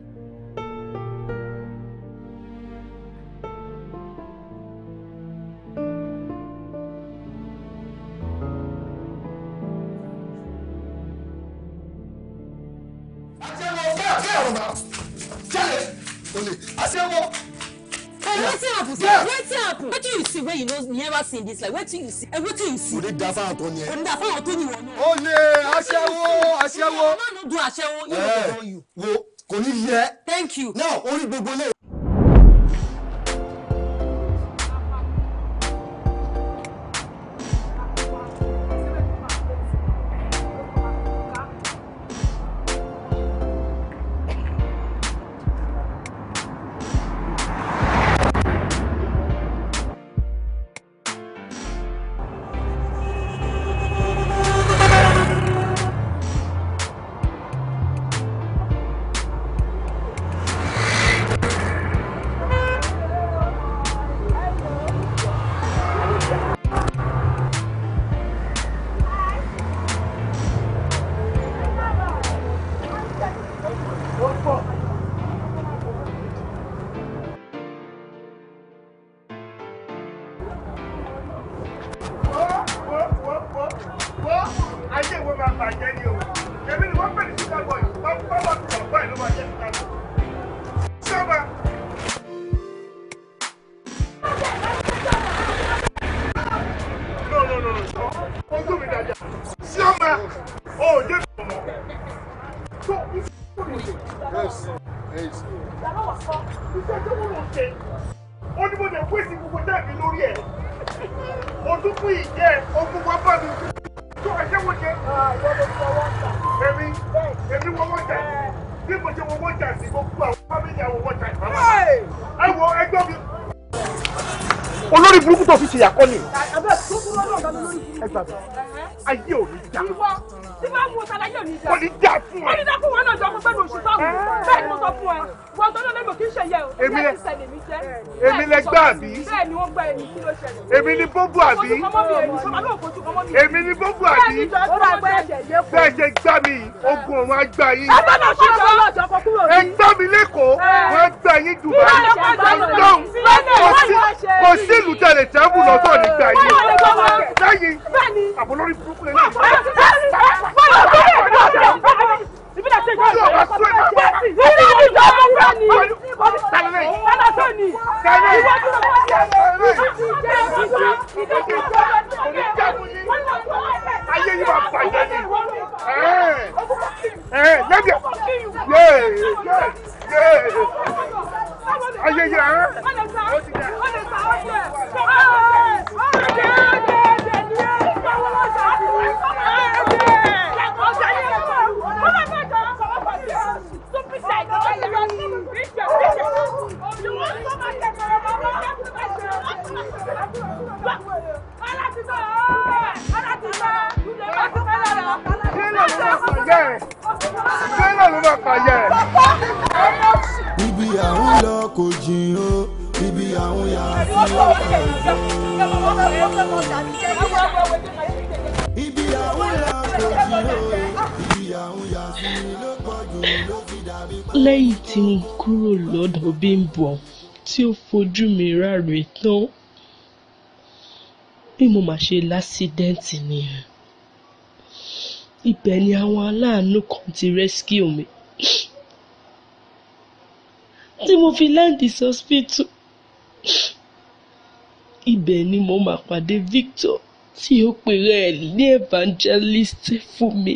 those never seen this like wetin eh, you see and wetin you see. kò ní da fáwọn tó ní ẹ. kò ní da fáwọn tó ní wọn náà. ó lè aṣẹ́wó aṣẹ́wó. ọlọ́run dún aṣẹ́wó yóò eh, wo kò ní yẹ. thank you. now orí gbogbo lè. ṣe àkọ́ni. ayé ò ní dá. ìwọ tí wàá mú ọ̀tá láyé ò ní dá. kò ní dá fún ẹ. ó ní dákú wọn náà jọ fún pẹ̀lú oṣù sọ́ọ̀mù ah. bẹ́ẹ̀ ni mo sọ fún ẹ. wọn tó kì í ṣe yẹ o. èmi lẹ èmi lẹ gbà bí. bẹ́ẹ̀ ni wọ́n gbà ẹni kí ló ṣẹlẹ̀ èmi ni gbogbo àbí èmi ni gbogbo àbí bẹ́ẹ̀ ṣe gbá mi ogun ọ̀run àgbà yín ẹ gbá mi lẹ́kọ̀ọ́ wọ́n gbá yín Dubai lọ́hùn kò sí ìlú tẹ̀lé tẹ́bù lọ́tọ̀ nígbà yín lẹ́yìn àbọ̀lórí burúkú lẹ́yìn. Ìbílẹ̀ ṣe ìjọba ìjọba ìjọba ìjọba ìjọba ìjọba ìjọba ìjọba ìjọba ìjọba tẹ̀lé ayé yìí máa ó ti dẹ̀. ibi àwọn ya kòjì o ibi àwọn ya sí ló pọ̀jù ló fi dàbí. lẹ́yìn tí mo kúrò lọ́dọ̀ Bímbọ́ tí ó fojú mi ráre tán bí mo mà ṣe lásìdẹ́ǹtì nìyẹn ibẹ̀ ni àwọn aláàánú kan ti rescue mi tí mo fi land hospital ibẹ̀ ni mo máa pàdé Victor tí ó pèrè ẹ̀ ní evangelist fún mi.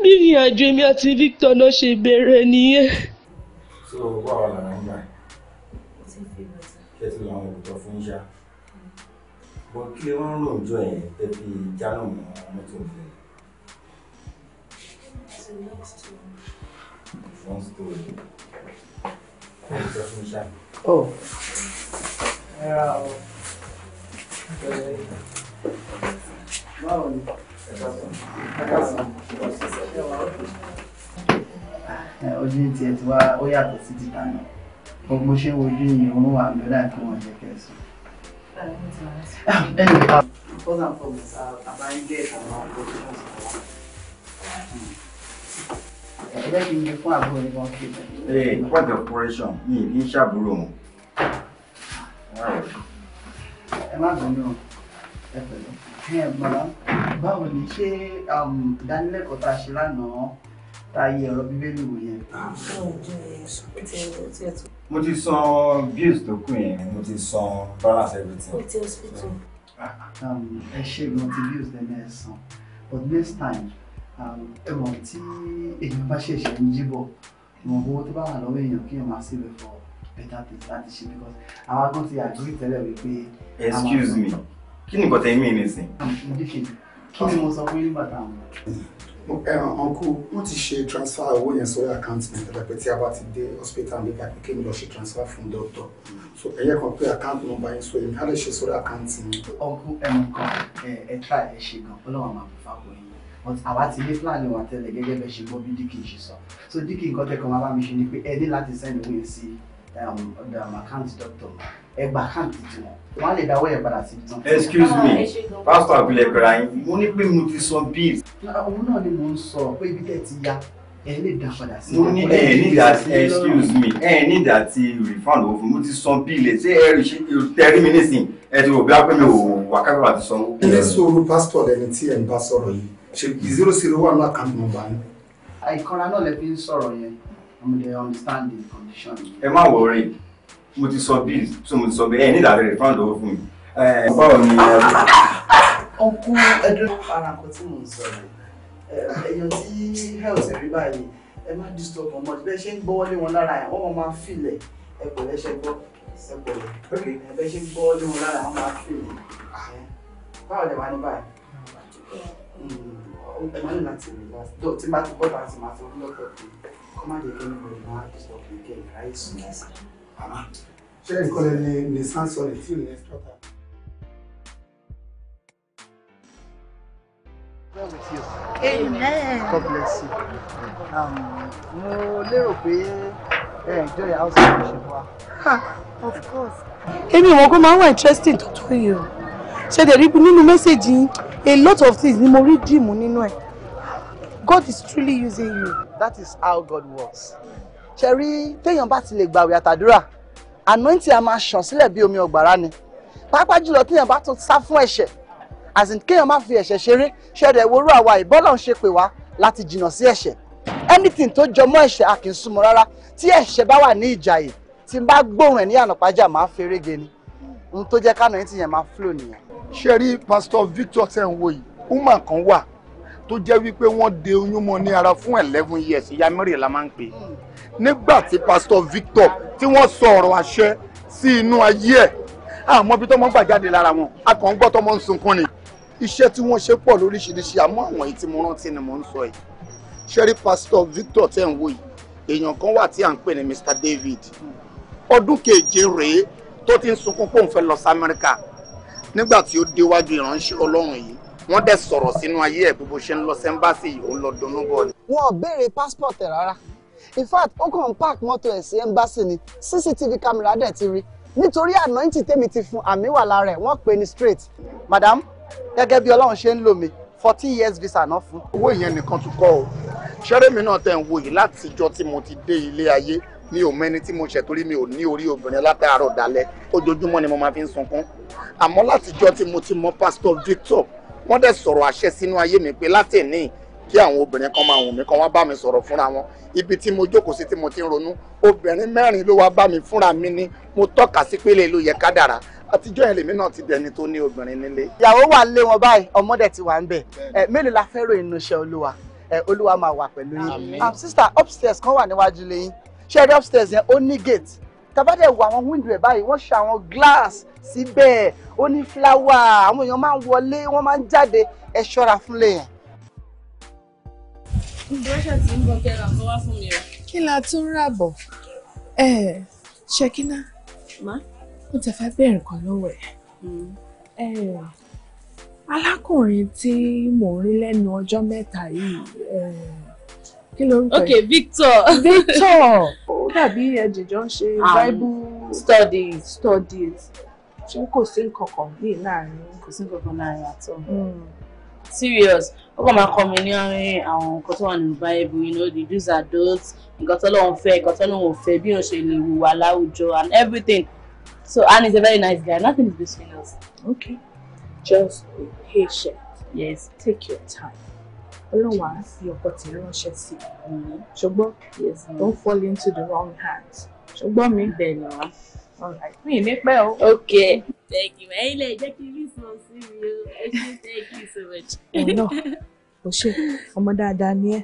bí ìrìn àjò èmi àti Victor náà ṣe bẹ̀rẹ̀ nìyẹn. so báwo la ń gbà kẹ́tù làwọn òkúta fún yá bọ́ kí lè wọ́n rò jọ ẹ̀ tẹ́bí jálò mọ́ mọ́tò rẹ̀. One story. Oh. ojú ti ẹ̀ ti wá ó yàtọ̀ sí ti tànà gbogbo ṣé ojú yìí òun wà lórí àìkú wọn jẹ kẹsàn. ẹnì kan. first and foremost àbáyé gẹ̀ẹ́sì àwọn oppositions ẹ̀jẹ̀ kì í di fún àbúrò ìbọn kìlọ̀. ẹ pọ́ọ̀tì operation mi ì kí ń ṣàbúrò wọn. ẹ má bínú ẹ pẹ̀lú ẹ̀gbọ́n báwo ni ṣé ìdánilẹ́kọ̀ọ́ tá a ṣe lánàá ta yẹ ọ̀rọ̀ bíbélì wò yẹn. mo ti san bills tó kù yẹn mo ti san balance everything. ẹ ṣe gan ti bills lẹ́nu ẹ̀ san but next time Um, ẹ mọ̀ tí èèyàn bá ṣẹ̀ṣẹ̀ ń jíbọ̀ mọ̀ owó tó bá wà lọ́wọ́ èèyàn kí èèyàn máa save for better things láti ṣe because àwa gan ti agree tẹ́lẹ̀ wípé. excuse me kí ni nǹkan tẹ́ mí nísìn. Um, kí ni mo sọ fún yín bàtà àwọn uncle wọ́n ti ṣe transfer owó yẹn sórí account mi pẹ̀lẹ́pẹ̀ tí a bá ti dé hospital nípa pé mi lọ ṣe transfer fún doctor so ẹ̀yẹ́ kan pé account number yín so èmi á lè ṣe sórí account mi. uncle ẹnu kan ẹ ẹ try ẹ ṣe gan ọlọ́run máa fi fa kò yín àwa ti ní fúlàní wa tẹ́lẹ̀ gẹ́gẹ́ bẹ́ẹ̀ ṣe gbọ́ bí díkì ṣe sọ so díkì nǹkan tẹ́kọ̀ máa bá mi ṣe ni pé ẹ ní láti sẹ́ni wíyẹn sí ọ̀dọ̀ àmàkáǹtì dọ́kítọ̀ ẹ gba àkáǹtì tiwọn wọn á lè dáwọ́ ẹ̀ padà sí ibi tí excuse me pásítọ̀ àbílẹ̀ kọ́ra yín mo ní pé mo ti sọ bíi. Ah, òun náà ni mo ń sọ pé ibi tẹ́ ti ya ẹ lè dá padà sí. mo ní ẹ ní dàtí excuse me ẹ ní dàtí refund òfin mo ti sọ bíi lè ṣé ẹ rí ṣe tẹrí mi nísìnyí ẹ ti wò bí apẹ́ mi ò wà kábíyà àti sanwó. ẹ ní sọ̀rọ̀ pásítọ̀ lẹni tí ẹ ń bá sọ̀rọ̀ yìí ṣe zero zero wà ní àkáǹtì nọ́mbà yín. àìkanra náà lè fi ń sọ̀rọ̀ yẹn i'm dey understand the condition. ẹ má wọrí mo ti sọ bíi tí mo ti sọ bẹ́ẹ̀ ní ìdàrẹ́ rẹ̀ fáwọn lọ́wọ́ fún mi. báwo ni. ọkú ẹdún ara tí mò ń sọ rẹ èèyàn tí health rí báyìí ẹ má disturb ọmọ bẹ́ẹ̀ ṣe ń gbọ́wọ́lé wọn lára ẹ̀ wọ́n máa filẹ̀ ẹ pẹ̀lẹ́ ṣe gbọ́ ẹ pẹ̀lẹ́ bẹ́ẹ̀ ṣe ń gbọ́wọ́lé wọn lára ẹ̀ wọ́n máa filẹ̀ báwo lè wá ní báyìí. Mm. ẹ ní láti relax tó tí bá ti kọ́ bá máa fọ́ lọ́pọ̀ tó kọ́ má jẹ́ kí ẹni bẹ̀rẹ̀ máa tó sọ pé kẹ́ ìrà ìsùn ẹ̀sìn. ṣé nǹkan ẹ ní ní sánsọ ní tí ò ní extra Amen. God bless you. Um, mo lérò pé ẹ enjoy house membership wa. Of course. Èmi ìwọ̀n kó máa ń wà interesting tó tó yìí o ṣe dẹ̀ rí nínú mẹ́sẹ̀gì yín a lot of things ni mo rí dìmú nínú ẹ̀ God is truly using you. That is how God works. ṣe rí téèyàn bá ti lè gbàwé àtàdúrà anointing a máa ṣàn sílẹ̀ bí omi ọ̀gbàrá ni pàápàá jùlọ téèyàn bá tún sá fún ẹ̀ṣẹ̀ àti kéèyàn má fi ẹ̀ṣẹ̀ ṣeré ṣe dẹ̀ worú àwa ìbọ́lọ̀ ń ṣe pè wá láti jìnnà sí ẹ̀ṣẹ̀ anything tó jọmọ́ ẹ̀ṣẹ̀ a kì í súnmọ́ rárá tí ẹ̀ṣẹ̀ bá wà ní ìjàyè tí n bá gbóhùn ẹ̀ ní ànàpájà máa ferege ni ohun tó jẹ́ kánà yín ti yẹn máa flow nìyẹn ṣe rí pastor Victor tẹ̀ ń wo yìí woman kan wà tó jẹ́ wípé wọ́n de oyún mọ́ ní ara fún eleven years ìyá mary la máa ń pè nígbà tí pastor Victor tí wọ́n sọ ọ̀rọ̀ àṣẹ sí inú ayé ẹ̀ àmọ́ bí tọ́mọ gbà jáde lára wọn a kàn ń gbọ́ tọ́mọ ń sunkún ni iṣẹ́ tí wọ́n ṣe pọ̀ lóríṣiríṣi àmọ́ àwọn èyí tí mo rántí ni mò ń sọ yìí ṣẹ́rí pastor Victor tẹ̀ ń wò yìí èèyàn kan wà tí à ń pè ní Mr David ọdún keje rèé tó ti ń sunkún pòun fẹ́ lọ sí Amẹ́ríkà nígbà tí ó déwájú ìránṣẹ́ ọlọ́run yìí wọ́n dẹ̀ sọ̀rọ̀ sínú ayé ẹ̀ gbogbo ṣe ń lọ sẹ́ńbáàsì yìí ó ń lọ dunnú bọ̀ ni. wọn ò béèrè passport ẹ rárá in fact ó kàn ń park mọ́tò ẹ̀ sí ẹ́mbáàsì ni cctv camera dẹ̀ ti rí nítorí anointing tèmi ti fún àmì wà lára ẹ̀ wọ́n pè ní straight madam gẹ́gẹ́ bí ọlọ́run ṣe ń lò mí fourteen years visa náà fún. owó ìyẹn nìkan tún kọ́ o ṣẹ́rẹ́mi náà tẹ̀ ń wòye látijọ́ tí mo ti dé ilé ayé mi ò mẹni tí mo ṣẹ̀ torí mi ò ní orí obìnrin látàárọ̀ dalẹ́ ojoojúmọ́ ni mo máa fi ń sunkún àmọ́ látijọ́ tí mo ti mọ pásítọ̀ Victor wọ́n dẹ̀ sọ̀rọ̀ àṣẹ sínú ayé mi pé látẹ̀ní kí àwọn obìnrin kan máa wù mí kan wá bá mi sọ̀rọ̀ fúnra wọn ibi tí mo jókòó sí tí mo ti ń ronú obìnrin mẹ́rin ló wá bá mi fúnra mi ni mo tọ́ka sí pé lèlú yẹ kádàrá àtijọ́ yẹn lèmi náà ti dẹni tó ní obìnrin nílé. ìyàwó wà lé wọn báyìí ọmọdé ti wà ń bẹ mélòó la fẹ́ ròyìn inú iṣẹ́ olúwa olúwa máa wà pẹ̀lú yín ah, sister upstairs kan wà níwájú lẹ́yìn ṣẹ́ẹ̀dẹ́ upstairs yẹn ó ní gate tabadẹ wo àwọn window ẹ báyìí wọ́n ṣe àwọn glass síbẹ̀ ó ní fúláwà àwọn èèyàn máa ń wọlé wọ́n máa ń jáde ẹ ṣọ́ra fúnlé yẹn. ìgbésẹ̀ tí ń bọ̀ kẹ́ra kó wá fún mi o. kí la tún rà bọ̀ ẹ ṣèkínà mo tẹ fẹ́ bẹ̀rẹ̀ nǹkan lọ́wọ́ mm. ẹ alákùnrin tí mò ń rí lẹ́nu ọjọ́ mẹ́ta yìí kí lorúkọ yìí. ok Victor. Victor ó dàbí ẹjìjọ ń ṣe um, bible studies studies ṣé kò sí nǹkan kan bíi láàrin kò sí nǹkan kan láàrin àtọ. Hmm. serious ó kàn máa kọ́ mi ní àwọn nǹkan tó wà nínú bible you know the do's and don'ts nǹkan tó lóun fẹ́ nǹkan tó lóun ò fẹ́ bí òun ṣe lè hùwà láwùjọ and everything so and he's a very nice guy nothing is between us. okay just be patient yes take your time ọlọ́wà á fi ọkọ tèmi ránṣẹ́ sí i ṣùgbọ́n don't fall into the wrong hands ṣùgbọ́n mi bẹ̀ ni wá mi ní pẹ́ o. ok thank you ẹ̀yin lè jẹ́ kí rí sọ sí mi o thank you so much. ọ̀nà kò ṣe ọmọ dáadáa ni ẹ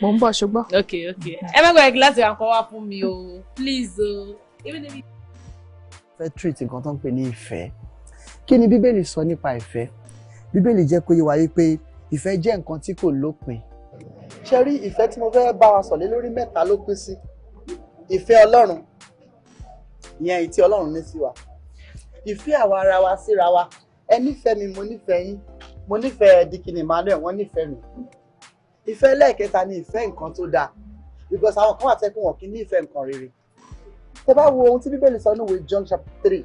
mo ń bọ̀ ṣùgbọ́n. ok ok ẹ má gbàgbé láti ra nǹkan wá fún mi o please o. fẹ́ treat nǹkan tó ń pè ní ìfẹ́ kí ni bíbélì sọ nípa ìfẹ́ bíbélì jẹ́ kó yé wa yí pé ìfẹ́ jẹ́ nǹkan tí kò lópin ṣe rí ìfẹ́ tí mo fẹ́ bá wa sọ̀lé lórí mẹ́ta ló pín sí ìfẹ́ ọlọ́run ìyẹn èyí tí ọlọ́run ní sí wa ìfẹ́ àwa ara wa síra wa ẹ nífẹ̀ẹ́ mi mo nífẹ̀ẹ́ yín mo nífẹ̀ẹ́ dikini emmanuel wọ́n nífẹ̀ẹ́ mi ìfẹ́ lẹ́ẹ̀kẹta ni ìfẹ́ nǹkan tó dáa because àwọn kan wà tẹ́kùn wọn kì í ní ìfẹ́ nǹkan rere tẹ bá wo ohun tí bíbélì sọ ní ìwé John chapter three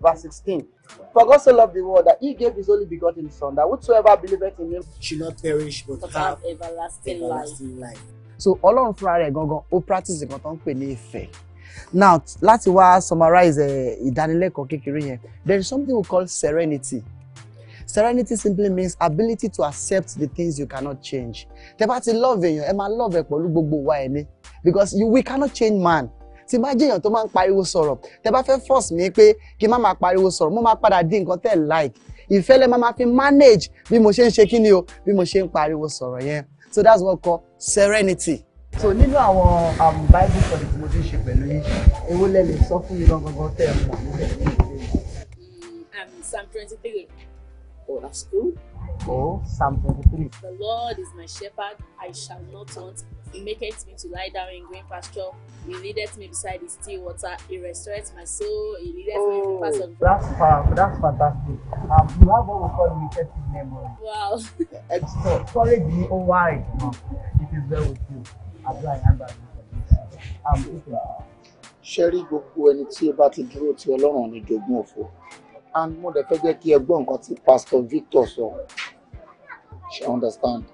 verse 16. For God so loved the world that he gave his only begotten Son, that whosoever believeth in him should not perish but, but have, have everlasting, everlasting life. life. So Ọlọ́run fúnra rẹ̀ gangan ó practice the tó ń pè ní Now láti wá summarize eh, ìdánilẹ́kọ̀ọ́ kékeré yẹn, there is something we call serenity. Serenity simply means ability to accept the things you cannot change. Tẹ́ bá ti love èèyàn, ẹ because you, we cannot change man tí bá jẹ́yàn tó máa ń pariwo sọ̀rọ̀ tẹ́ bá fẹ́ force mi pé kí n má máa pariwo sọ̀rọ̀ mo máa padà di nǹkan tẹ́ like ìfẹ́ lẹ́ máa fi manage bí mo ṣe ń ṣe kí ni o bí mo ṣe ń pariwo sọ̀rọ̀ yẹn so that's what call serenity. so nínú àwọn um, bible study tí mo ti ṣe pẹ̀lú yín èwo lẹ lè sọ fún mi gangan tẹ́ ẹ mọ̀ níbẹ̀ um, ní ìdílé oh, that's true. oh psalm twenty the lord is my shepherd i shall not want. He maketh me to lie down in green pasture. He leadeth me beside the still water. He restoreth my soul. He leadeth oh, me in paths of oh, That's powerful. That's fantastic. Um, you have what we call meditative memory. Wow. Extra. Storage me oh why? It is well with you. Apply and back. Um, okay. Ṣé rí gbogbo ẹni tí ó bá ti dúró ti Ọlọ́run ní jogún òfo? And mo dẹ̀ fẹ́ jẹ́ kí ẹ gbọ́ nǹkan tí Pastor Victor sọ. she understand?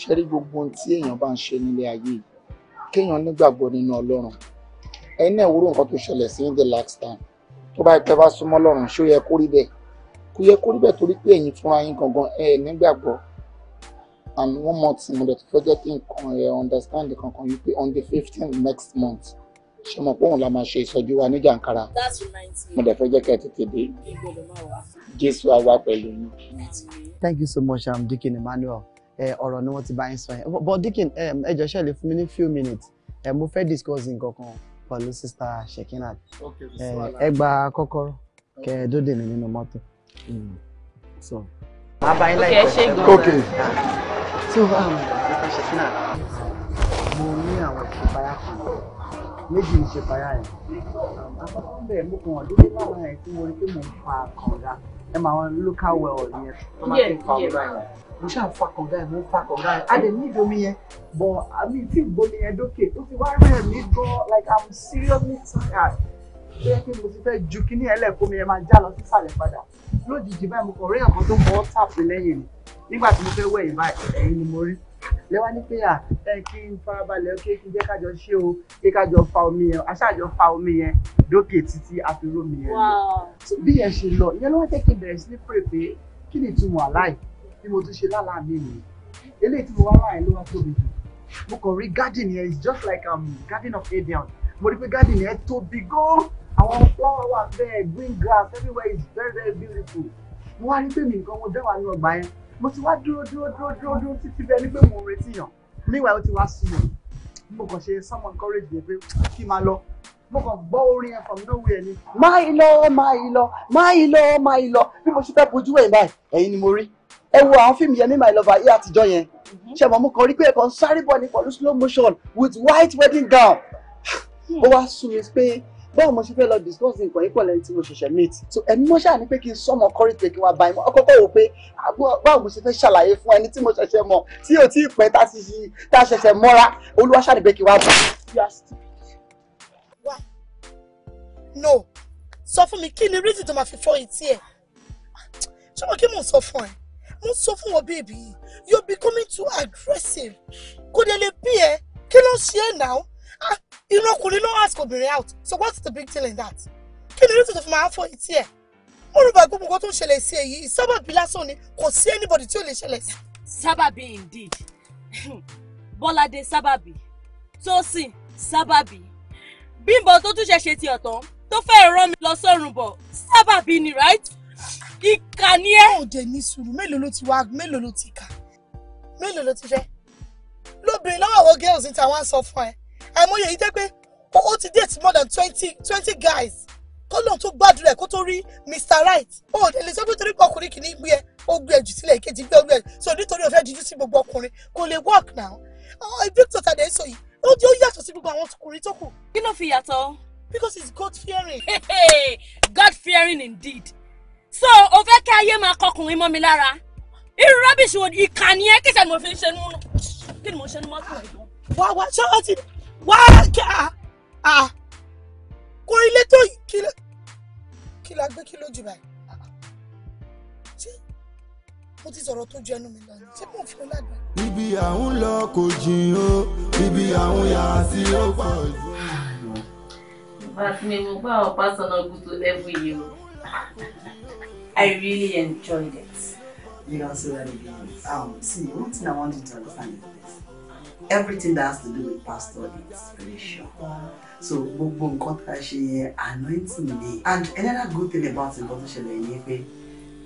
ṣe rí gbogbo ohun tí èèyàn bá ń ṣe nílé ayé kéèyàn nígbàgbọ́ nínú ọlọ́run ẹ̀yin náà wúrò nǹkan tó ṣẹlẹ̀ sí the last time tó bá pẹ́ bá súnmọ́ ọlọ́run ṣé ó yẹ kó rí bẹ́ẹ̀ kò yẹ kó rí bẹ́ẹ̀ torí pé ẹ̀yin fúnra yín gangan ẹ̀ nígbàgbọ́ and one month mo dẹ̀ tó fẹ́ kí nǹkan ẹ̀ understand kankan yìí pé on the fifteen next month ṣe mọ̀ pé òun la máa ṣe ìsọjú wa ní jàǹkàrà mo dẹ̀ fẹ́ jẹ́ kẹ́ ẹ tètè dé jésù àwa pẹ̀lú yín. thank you so much i'm Deacon Emmanuel. Eh, ọ̀rọ̀ ni wọ́n ti bá yín sọ yẹn but Dikin ẹ jọ̀ọ́ ṣé fún mi ní few minutes ẹ eh, mo fẹ́ discuss nǹkan kan pẹ̀lú sista Shekinat eh, ẹ gba kọ́kọ́rọ́ kẹ ẹ dóde mi nínú mọ́tò hmm. so. máa bá ok ṣe gan ok so Shekinat um, mo ní àwọn ìṣèpáyà kan méjì ìṣèpáyà yẹn àkọ́kọ́ bẹ́ẹ̀ mo kàn wọ́n dúró láwọn ẹ̀ tí mo rí pé mo ń fa kànga ẹ máa wọn local well yẹn tó máa fi fa ọ̀gá yẹn mo ṣáà ń fa kànga ẹ̀ mo ń fa kànga ẹ̀ a dẹ̀ ní ìdomi yẹn bọ̀ àmì tí ìgbomi yẹn dókè ó ti wá rẹ̀ mí gan like i'm seriously tired ó yẹ kí mo ti fẹ́ ju kíní ẹlẹ́kùn mi yẹn máa já lọ sísàlẹ̀ padà lójijì báyìí mo kàn rí ọ̀kan tó mọ́ tàpé lẹ́yìn mi nígbà tí mo fẹ́ wẹ̀ yìí báyìí ẹ̀yìn ni mo rí lẹ́wọ́n ní pé à ẹ kí n farabalẹ̀ ó kí n jẹ́ kájọ ṣe o kí kájọ fa omi yẹn aṣáájọ fa omi yẹn dókè títí àfi rómi yẹn lọ bí yẹn ṣe lọ ìyẹn ló wá jẹ́ kí n bẹ̀rẹ̀ sí ní pèrè kí ni ìtumọ̀ àláì bí mo tún ṣe lálàá mi nìyẹn eléyìí tí mo wá láàyè ló wá tóbi jù mo kàn rí garden yẹn it's just like um, garden of Eden mo rí pé garden yẹn tóbi gan àwọn flower wà bẹ́ẹ̀ green grass everywhere is very very beautiful mo wá rí pé mi nǹkan mo dẹ́wà ní ọgbà yẹn mo ti wá dúró dúró dúró dúró dúró títí bẹ́ẹ̀ ni pé mo retí yàn níwà ó ti wá sùn yàn mo kàn ṣe someone courage yẹn pé kí n máa lọ mo kàn gbọ́ orin yẹn from nowhere ni. máa ì lọ máa ì lọ máa ì lọ máa ì lọ bí mo ṣe fẹ́ bojú wẹ̀yìn báyìí ẹ̀yin ni mo rí ẹ wo àwọn fíìmù yẹn ní my lover ayé àtijọ́ yẹn mhm. ṣe mọ̀ mo kàn rí pé ẹ̀kọ́ ń sáré bọ̀ ní pẹ̀lú slow motion with white wedding gown hmm. ó wá sùn mí pé báwo mo ṣe fẹ́ lọ discuss nǹkan yìí pẹ̀lú ẹni tí mo ṣẹ̀ṣẹ̀ meet so ẹ̀mí mo ṣáà ní pé kí n sọmọ kọ́rìtì kí wọ́n bá ẹ̀mọ́ ọkọ̀ wò pé báwo mo ṣe fẹ́ ṣàlàyé fún ẹni tí mo ṣẹ̀ṣẹ̀ mọ̀ tí ò tí ì pẹ́ tá a ṣẹ̀ṣẹ̀ mọ́ra olúwa ṣáà ní pé kí wọ́n bá. no sọ fún mi kí ni reason tó máa fi fọ́ etí ẹ̀ ṣé mo kí mò ń sọ fún ẹ mo sọ fún wọn bèbí you becoming too aggressive kò dé lè bí ẹ kí ló ń ṣe é now ah inú ọkùnrin ló ask obìnrin out so what's the big deal in that kí ni lóṣù tó fi máa ń fọ etí ẹ mo rò bá gbogbo nǹkan tó ń ṣẹlẹ̀ sí èyí sábàbí lásán ni kò sí anybody tí ò lè ṣẹlẹ̀ sí. sábàbí indeed bọ́ládé sábàbí tósìn sábàbí bímbọ tó tún ṣẹ̀ṣẹ̀ ti ọ̀tán tó fẹ́ rán mi lọ sọ́run bọ̀ sábàbí ni right ìkà ni ẹ. òde ní sùúrù mélòó ló ti wá mélòó ló ti kà mélòó ló ti fẹ́ lóbìnrin lọ́wọ́ àwọn girls níta wá ń sọ fún ẹ àìmọye yìí jẹ́ pé ó ti date more than twenty twenty guys kó lóun tó gbàdúrà ẹ kó tó rí Mr. Right òde lè sọ pé torí ọkùnrin kìíní gbé ẹ ó gbé ẹ jù sílẹ̀ ìkejì gbé ó gbé ẹ so nítorí ó fẹ́ jíjú sí gbogbo ọkùnrin kò lè work now Victor tàdé sọ yìí ó jẹ́ ó yàtọ̀ sí gbogbo àwọn ọkùnrin tó kù. kí ló fi yàtọ̀. because he's God fearing. God fearing indeed so o fẹ́ kí ayé máa kọkùnrin mọ́ mi lára irú rọ́bìṣì wo ìkànnì ẹ kí sẹ́ni mo fi ń ṣe nínú kí ni mo ṣe nínú mọ́tò ẹ̀ gan. wá wá ṣé wọ́n ti wá kí a a kó ilé tó yìí kí la gbé kí ló jù báyìí mo ti sọ̀rọ̀ tó ju ẹnu mi lọ ṣé mo fún un lágbàá. ibi àwọn lọ kò jìn o ibi àwọn yà á sí ó pọ̀ jù. ìbátan ni mo gbà ọ́ pásánà gùn tó lẹ́bù yìí o. I really enjoyed it. You know, so that it Um, see, one thing I want you to understand is this. Everything that has to do with pastor is spiritual. So, gbogbo nǹkan tá a ṣe anointing ni. And another good thing about the tó ṣẹlẹ̀ ni pé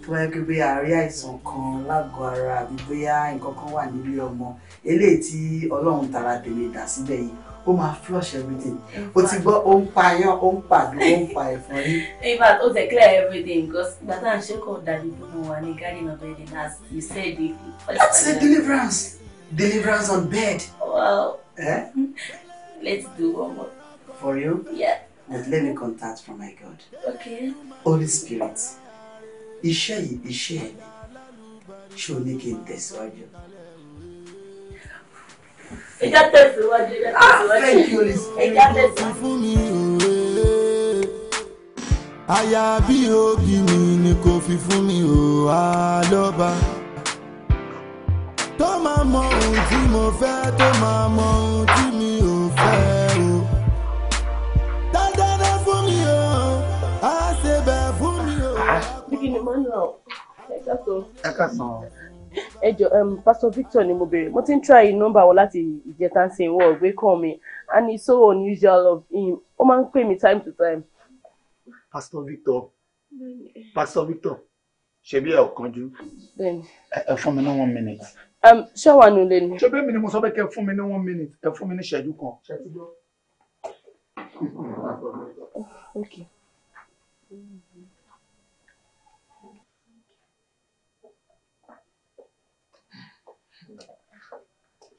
tó yẹ kí bóyá a rí àìsàn kan lágọ̀ọ́ ara àbí bóyá nǹkan kan wà nílé ọmọ eléyìí tí Ọlọ́run tara tèmi dà síbẹ̀ yìí ó máa flush everything o ti gbọ́ ó ń pa ayán ó ń pàdé ó ń pa ẹ̀fọn yìí. in fact ó ti clear everything because ìgbà tá à ń ṣe kò dàbí gbogbo wa ní garden of eden as you said the first time. a deliverance deliverance on bed. wow eh? let's do one more. for you. yeah. but let me contact from my God. okay. Holy Spirit iṣẹ́ yìí iṣẹ́ ẹ̀ ṣó ní kí n tẹ̀síwájú ẹja tẹ̀síwájú ẹja ah, tẹ̀síwájú ẹja tẹ̀síwájú. aya bí òbí mi ni kò fi fún mi ò àlọ́ba tó máa mọ ohun tí mo fẹ́ tó máa mọ ohun tí mi ò fẹ́ o dáadáa fún mi o á ṣe bẹ́ẹ̀ fún mi o. bí ah, kí ni mo ń sọ ẹ um, pastor victor ni mo béèrè mo ti ń try nọ́mbà wọn láti ìjẹta sí ìwọ ọgbẹ kan mi and it's so unusual of him ó máa ń pè mí time to time. pastor victor pastor victor ṣebí ẹ ò kánjú ẹ fún mi ní one minute. ṣé wàá nulẹ̀ ni. ṣé bẹ́ẹ̀ mi ni mo sọ pé kẹ́ ẹ fún mi ní one minute ẹ fún mi ní ṣẹ́jú kan. ṣẹ́jú gbọ́. okay.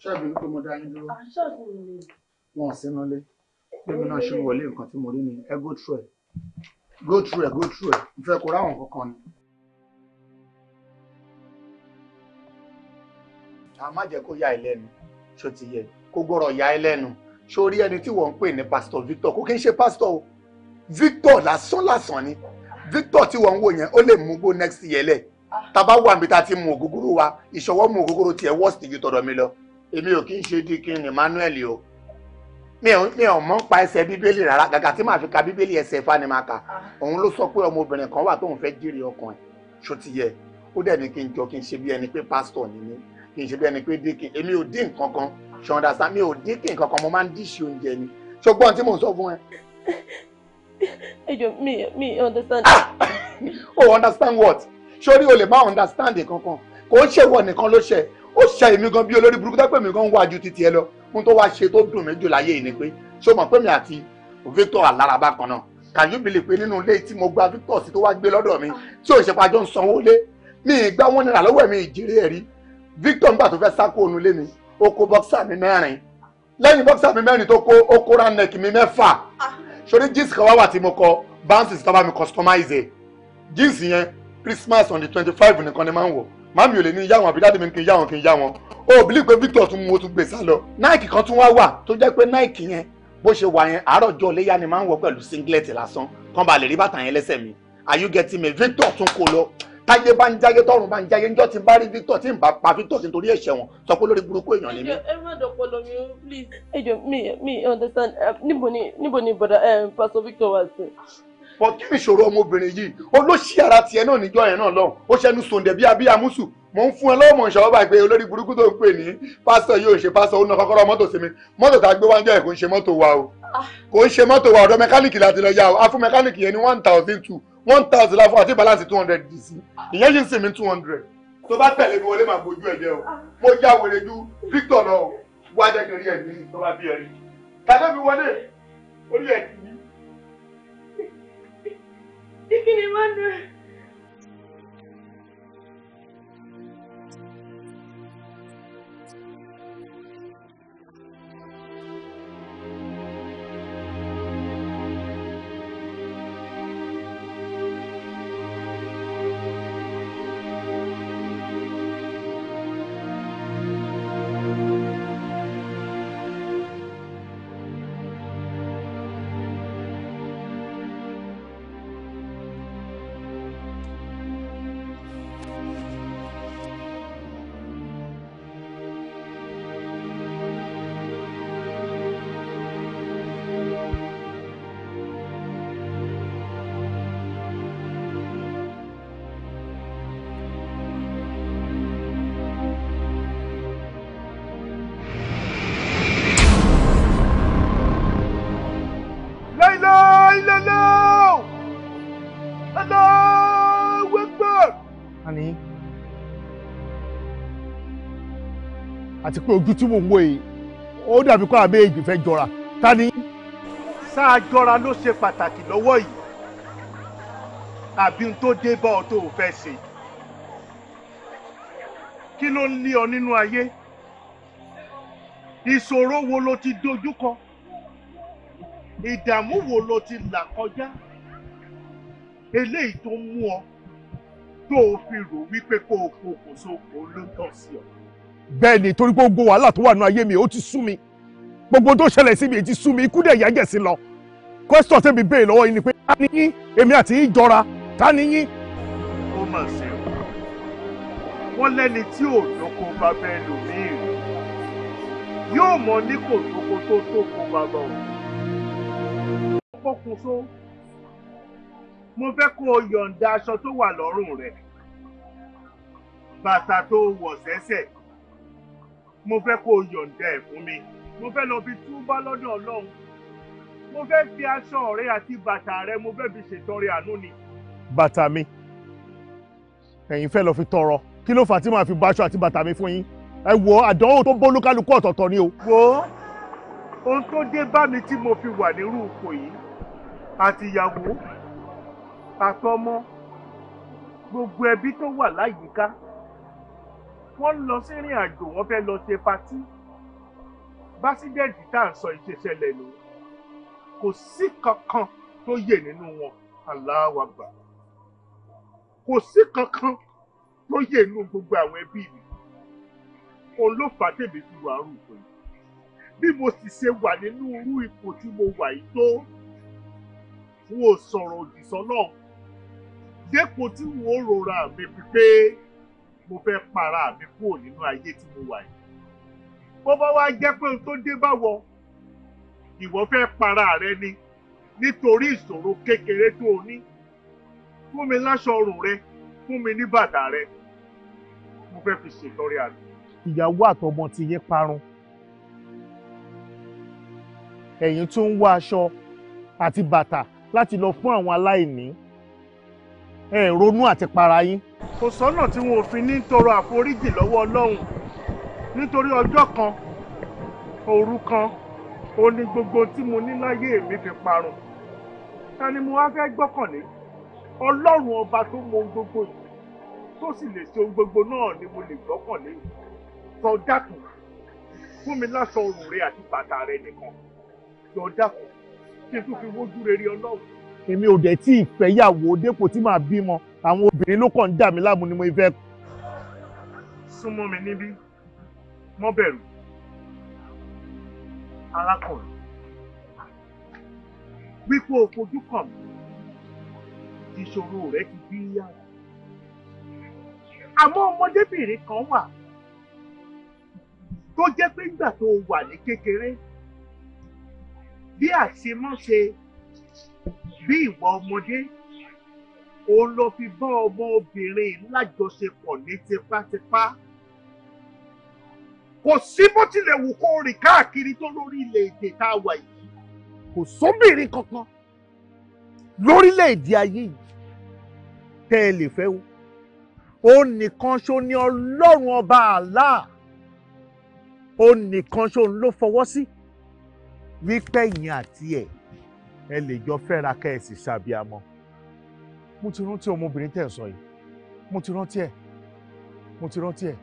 ṣọ́ọ̀bù ní pé mo dá yín dúró. ṣọ́ọ̀bù mi. wọn ò sínú lé lèmi náà ṣe wọlé nǹkan tí mo rí ni ẹ go through ẹ go through ẹ go through ẹ n fẹ́ kó ráwọn kankan ni. a má jẹ́ kó yá ẹ lẹ́nu ṣó ti yẹ kó gbọ́rọ̀ yá ẹ lẹ́nu ṣó rí ẹni tí wọ́n ń pè ní pásítọ̀ Victor kó kí n ṣe pásítọ̀ o Victor lásán lásán ni Victor tí wọ́n ń wò yẹn ó lè mú go next year lẹ̀ ah. tá a bá wà níbi tá a ti mú ògógóró wa ìṣọwọ́ mú ògógóró tiẹ̀ worst ju tọ̀dọ̀ mi lọ èmi ò kí ń ṣe dikin emmanuel o mi ò mọ̀ pa ẹsẹ̀ bíbélì rárá gàgà tí màá fi ka bíbélì ẹsẹ̀ fani máa kà òun ló sọ pé ọmọbìnrin kan wà tóun fẹ́ jèrè ọkàn ẹ̀ ṣó ó dẹ̀ ní kí n jọ kí n ṣe bí ẹni pé pásítọ̀ ni kí n ṣe bí ẹni pé dikin èmi ò dín nǹkan kan understand mi ò dikin nǹkan kan mo máa ń díṣe oúnjẹ ni ṣùgbọ́n tí mò ń sọ fún ẹ. ẹjọ mi mi understand. o oh, understand what? sórí o lè má understand kankan kò ń ṣèwọ nìkan ló ṣe ó ṣe èmi gan bí olórí burúkú tẹ́pẹ́ mi gan wá ju títí ẹ lọ fún tó wá ṣe tó dùn mí jù láyé yìí ni pé ṣó mọ̀ pé mi àti Victor aláraba kan náà can you believe pé nínú ilé tí mo gba Victor sí tó wá gbé lọ́dọ̀ mi tí òṣèpájọ́ ń sanwó lé mi ìgbà wọn náírà lọ́wọ́ mi ìjírí ẹ̀rí Victor nígbà tó fẹ́ sá kó onú lé mi ó kó bọ́ksà mi mẹ́rin lẹ́yìn bọ́ksà mi mẹ́rin tó kó ó kó ránẹ̀kì mi mẹ́fà sórí jíìsì kan wá wà tí mo kọ báńsì sí tábà mi customize jíìsì yẹn Christmas on the twenty five nìkan ni máa ń wọ̀ màmí ò lè ní yáwọn àbí dáàdì mi kì í yáwọn kì í yáwọn o believe pé Victor tún mú o tún gbé e sá lọ. Nike kan tún wá wà tó jẹ́ pé Nike yẹn bó ṣe wà yẹn àárọ̀ ọjọ́ léyà ni máa ń wọ pẹ̀lú singlet lásán kán ba lè rí bàtà yẹn lẹ́sẹ̀ mi are you getting me Victor tún kó lọ táyé bá ń jáyé tọrùn bá ń jáyé ńjọ́ tí bá rí Victor tí n bá pa Victor sí nítorí ẹ̀ṣẹ̀ wọn sọ pé lórí burúkú èèyàn ni mí. ẹ má dọ̀pọ̀ mi o please. ẹ jọ mi mi understand níbo ni níbo ni bọ̀dà Pastor Victor wà sí but kí ni ìṣòro ọmọbìnrin yìí olóṣì ara tiẹ̀ náà níjọ́ yẹn náà lọ́hùn ó ṣẹnu sòǹdẹ̀ bíi abíyamúsù mò ń fún ẹ lọ́wọ́ mò ń ṣàwọ́ báyìí pé olórí burúkú tó ń pè ní pásítọ̀ yóò ṣe pásítọ̀ ó ná kọ́kọ́rọ́ mọ́tò sí mi mọ́tò tá a gbé wájú ẹ̀ kò ń ṣe mọ́tò wa o ah. kò ń ṣe mọ́tò wa ọ̀dọ̀ mẹkáníìkì láti lọ yá o a mẹkáníìkì yẹn ní one thousand two one thousand láfún àti balance two hundred dc ìyẹn ṣì ń sìn mí two hundred tó bá tẹ̀lé mi wọlé màá bójú ẹ̀ jẹ́ o ah. mo já wèrè ju Victor lọ wájẹ́ kiri ẹ̀ ní tó bá bí ẹ̀ rí できね àti pé ojú tí mò ń wò yìí ó dàbí kó àbẹ́ èjì fẹ́ jọra ta ni. sáà jọra ló ṣe pàtàkì lọ́wọ́ yìí àbí n tó dé bá ọ tó o fẹ́ ṣe kí ló ń lé ọ nínú ayé ìṣòro wo lo ti dojúkọ ìdààmú wo lo ti là kọjá eléyìí tó mú ọ tó o fi rò wípé kó o pokùnso kó o ló tọ̀ sí ọ bẹ́ẹ̀ ni torí gbogbo wàhálà tó wà nù ayé mi ó ti sú mi gbogbo tó ṣẹlẹ̀ sí mi ó ti sú mi ikú dẹ̀ yájẹ̀ sí lọ question tẹ́mi béèrè lọ́wọ́ yìí ni pé ta ni yín èmi àti yín jọra ta ni yín. ó mà ṣe o wọ́n lẹ́ni tí ò lóko bá bẹ́ẹ̀ lò ní ìrìn yóò mọ ní kò tóko tó tóko bàbá o. ọkọ̀ mo fẹ́ kó o yọ̀ǹda aṣọ tó wà lọ́rùn rẹ̀ bàtà tó wọ̀ sẹ́sẹ̀ mo fẹ́ kó o yọ̀ǹda ẹ̀ fún mi mo fẹ́ lọ fi túbá lọ́dọ̀ ọlọ́run mo fẹ́ fi aṣọ rẹ àti bàtà rẹ mo fẹ́ fi ṣètọrẹ àánú ni. bàtà mi ẹ̀yin fẹ́ lọ fi tọrọ kí ló fà tí màá fi bá aṣọ àti bàtà mi fún yín ẹ wò àdánwò tó bólúkálukú ọ̀tọ̀ọ̀tọ̀ ni o. wo ohun tó dé bá mi tí mo fi wà nírú ipò yìí àtìyàwó àtọmọ gbogbo ẹbí tó wà láyìíká wọ́n lọ sí ìrìn àjò wọ́n fẹ́ lọ ṣe patí básídẹ́ẹ̀dì tá à ń sọ ìṣẹ̀ṣẹ̀lẹ̀ lò kò sí kankan tó yè nínú wọn aláwàgbà kò sí kankan tó yè nínú gbogbo àwọn ẹbí mi òun ló fà á tèmi fi wà á rù pé bí mo sì ṣe wà nínú irú ipò tí mo wà yìí tó n ò sọ̀rọ̀ òdì sọ́nà dépò tí n ò rora mi pípé mo fẹ́ para mi kúrò nínú ayé tí mo wà yìí bó bá wá jẹ́ pé ohun tó dé bá wọ ìwọ fẹ́ para rẹ ni nítorí ìṣòro kékeré tó o ní fún mi láṣọ ọrùn rẹ fún mi ní bàtà rẹ mo fẹ́ fi ṣètọrẹ àná. ìyàwó àtọmọ ti yé parun ẹ̀yin tún ń wá aṣọ àti bàtà láti lọ fún àwọn aláìní ẹ ronú àti para yín kò sọ́nà tí wọn ò fi ní tọrọ àforíjì lọ́wọ́ ọlọ́run nítorí ọjọ́ kan òru kan ó ní gbogbo tí mo ní láyé mi fi parun ta ni mo wá fẹ́ gbọ́kànlé ọlọ́run ọba tó mọ ohun gbogbo yìí tó sì lè ṣe ohun gbogbo náà ni mo lè gbọ́kànlé sọ dákun fún mi láṣọ ọrùn rẹ àti bàtà rẹ nìkan yọ dákun kí n tún fi wójú rere ọlọ́run. èmi ò dẹ̀ tí ì fẹ́yàwó dépò tí màá bímọ àwọn obìnrin ló kàn ń dà mí láàmú ni mo fẹ́. súnmọ́ mi níbí mọ́ bẹ̀rù alákọ̀ọ́rọ̀ wípé o fojú kàn mí ìṣòro rẹ ti bí yára àmọ́ ọmọdébìnrin kan wà tó jẹ́ pé nígbà tó wà ní kékeré bí àṣemọ́ṣe bí ìwà ọmọdé òun ló fi bá ọmọbìnrin lájọṣepọ̀ ní tipátipá kò sí bó tilẹ̀ wù kó rìn káàkiri tó lórí ilẹ̀ èdè tá a wà yìí kò sóbìnrin kankan lórílẹ̀-èdè ayé yìí tẹ́ ẹ lè fẹ́ o òun nìkan ṣo ni ọlọ́run ọba àlá òun nìkan ṣo ló fọwọ́ sí wípé ẹ̀yin àti ẹ̀ ẹ lè jọ fẹ́ra kẹ́ ẹ sì ṣàbíamọ́ mo ti rántí ọmọbìnrin tẹ́ ẹ̀ sọ yìí mo ti rántí ẹ̀ mo ti rántí ẹ̀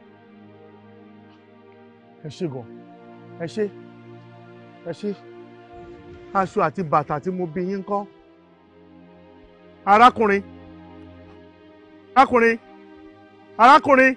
ẹ ṣé gan ẹ ṣé ẹ ṣé aṣọ àti bàtà tí mo bí yín kọ́ arákùnrin arákùnrin arákùnrin.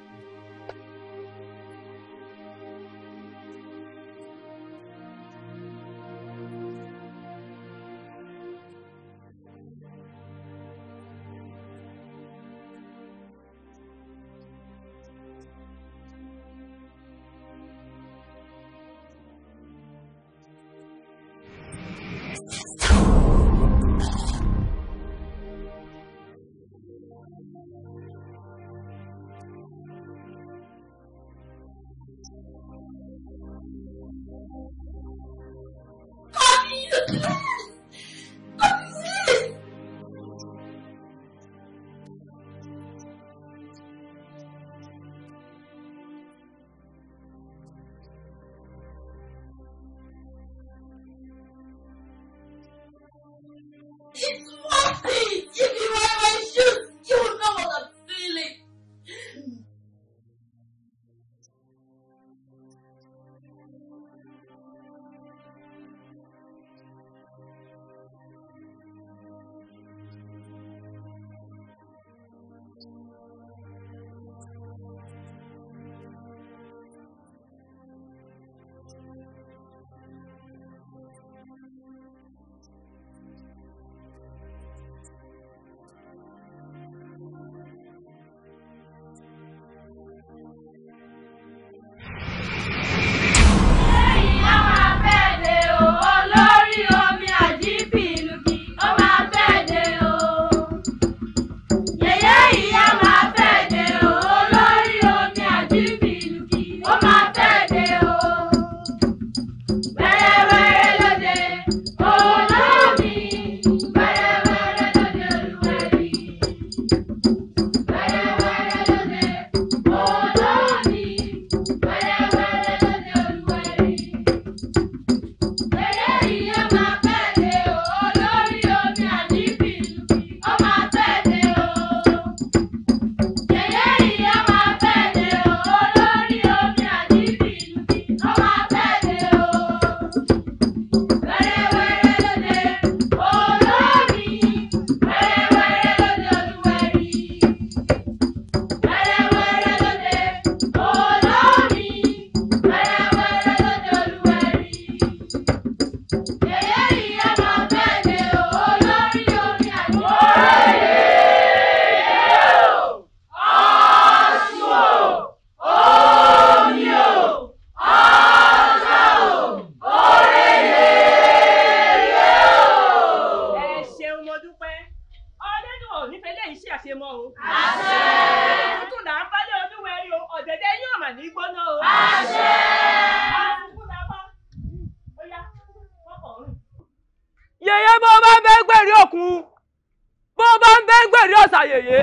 தாயையே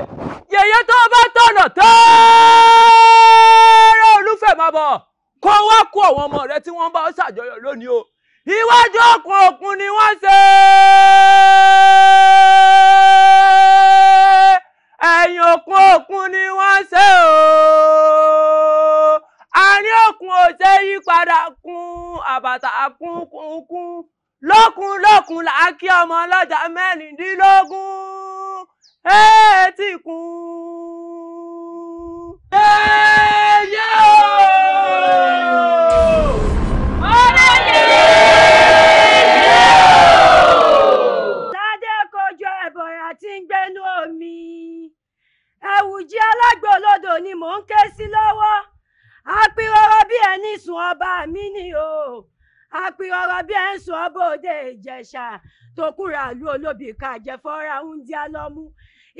lọ́mú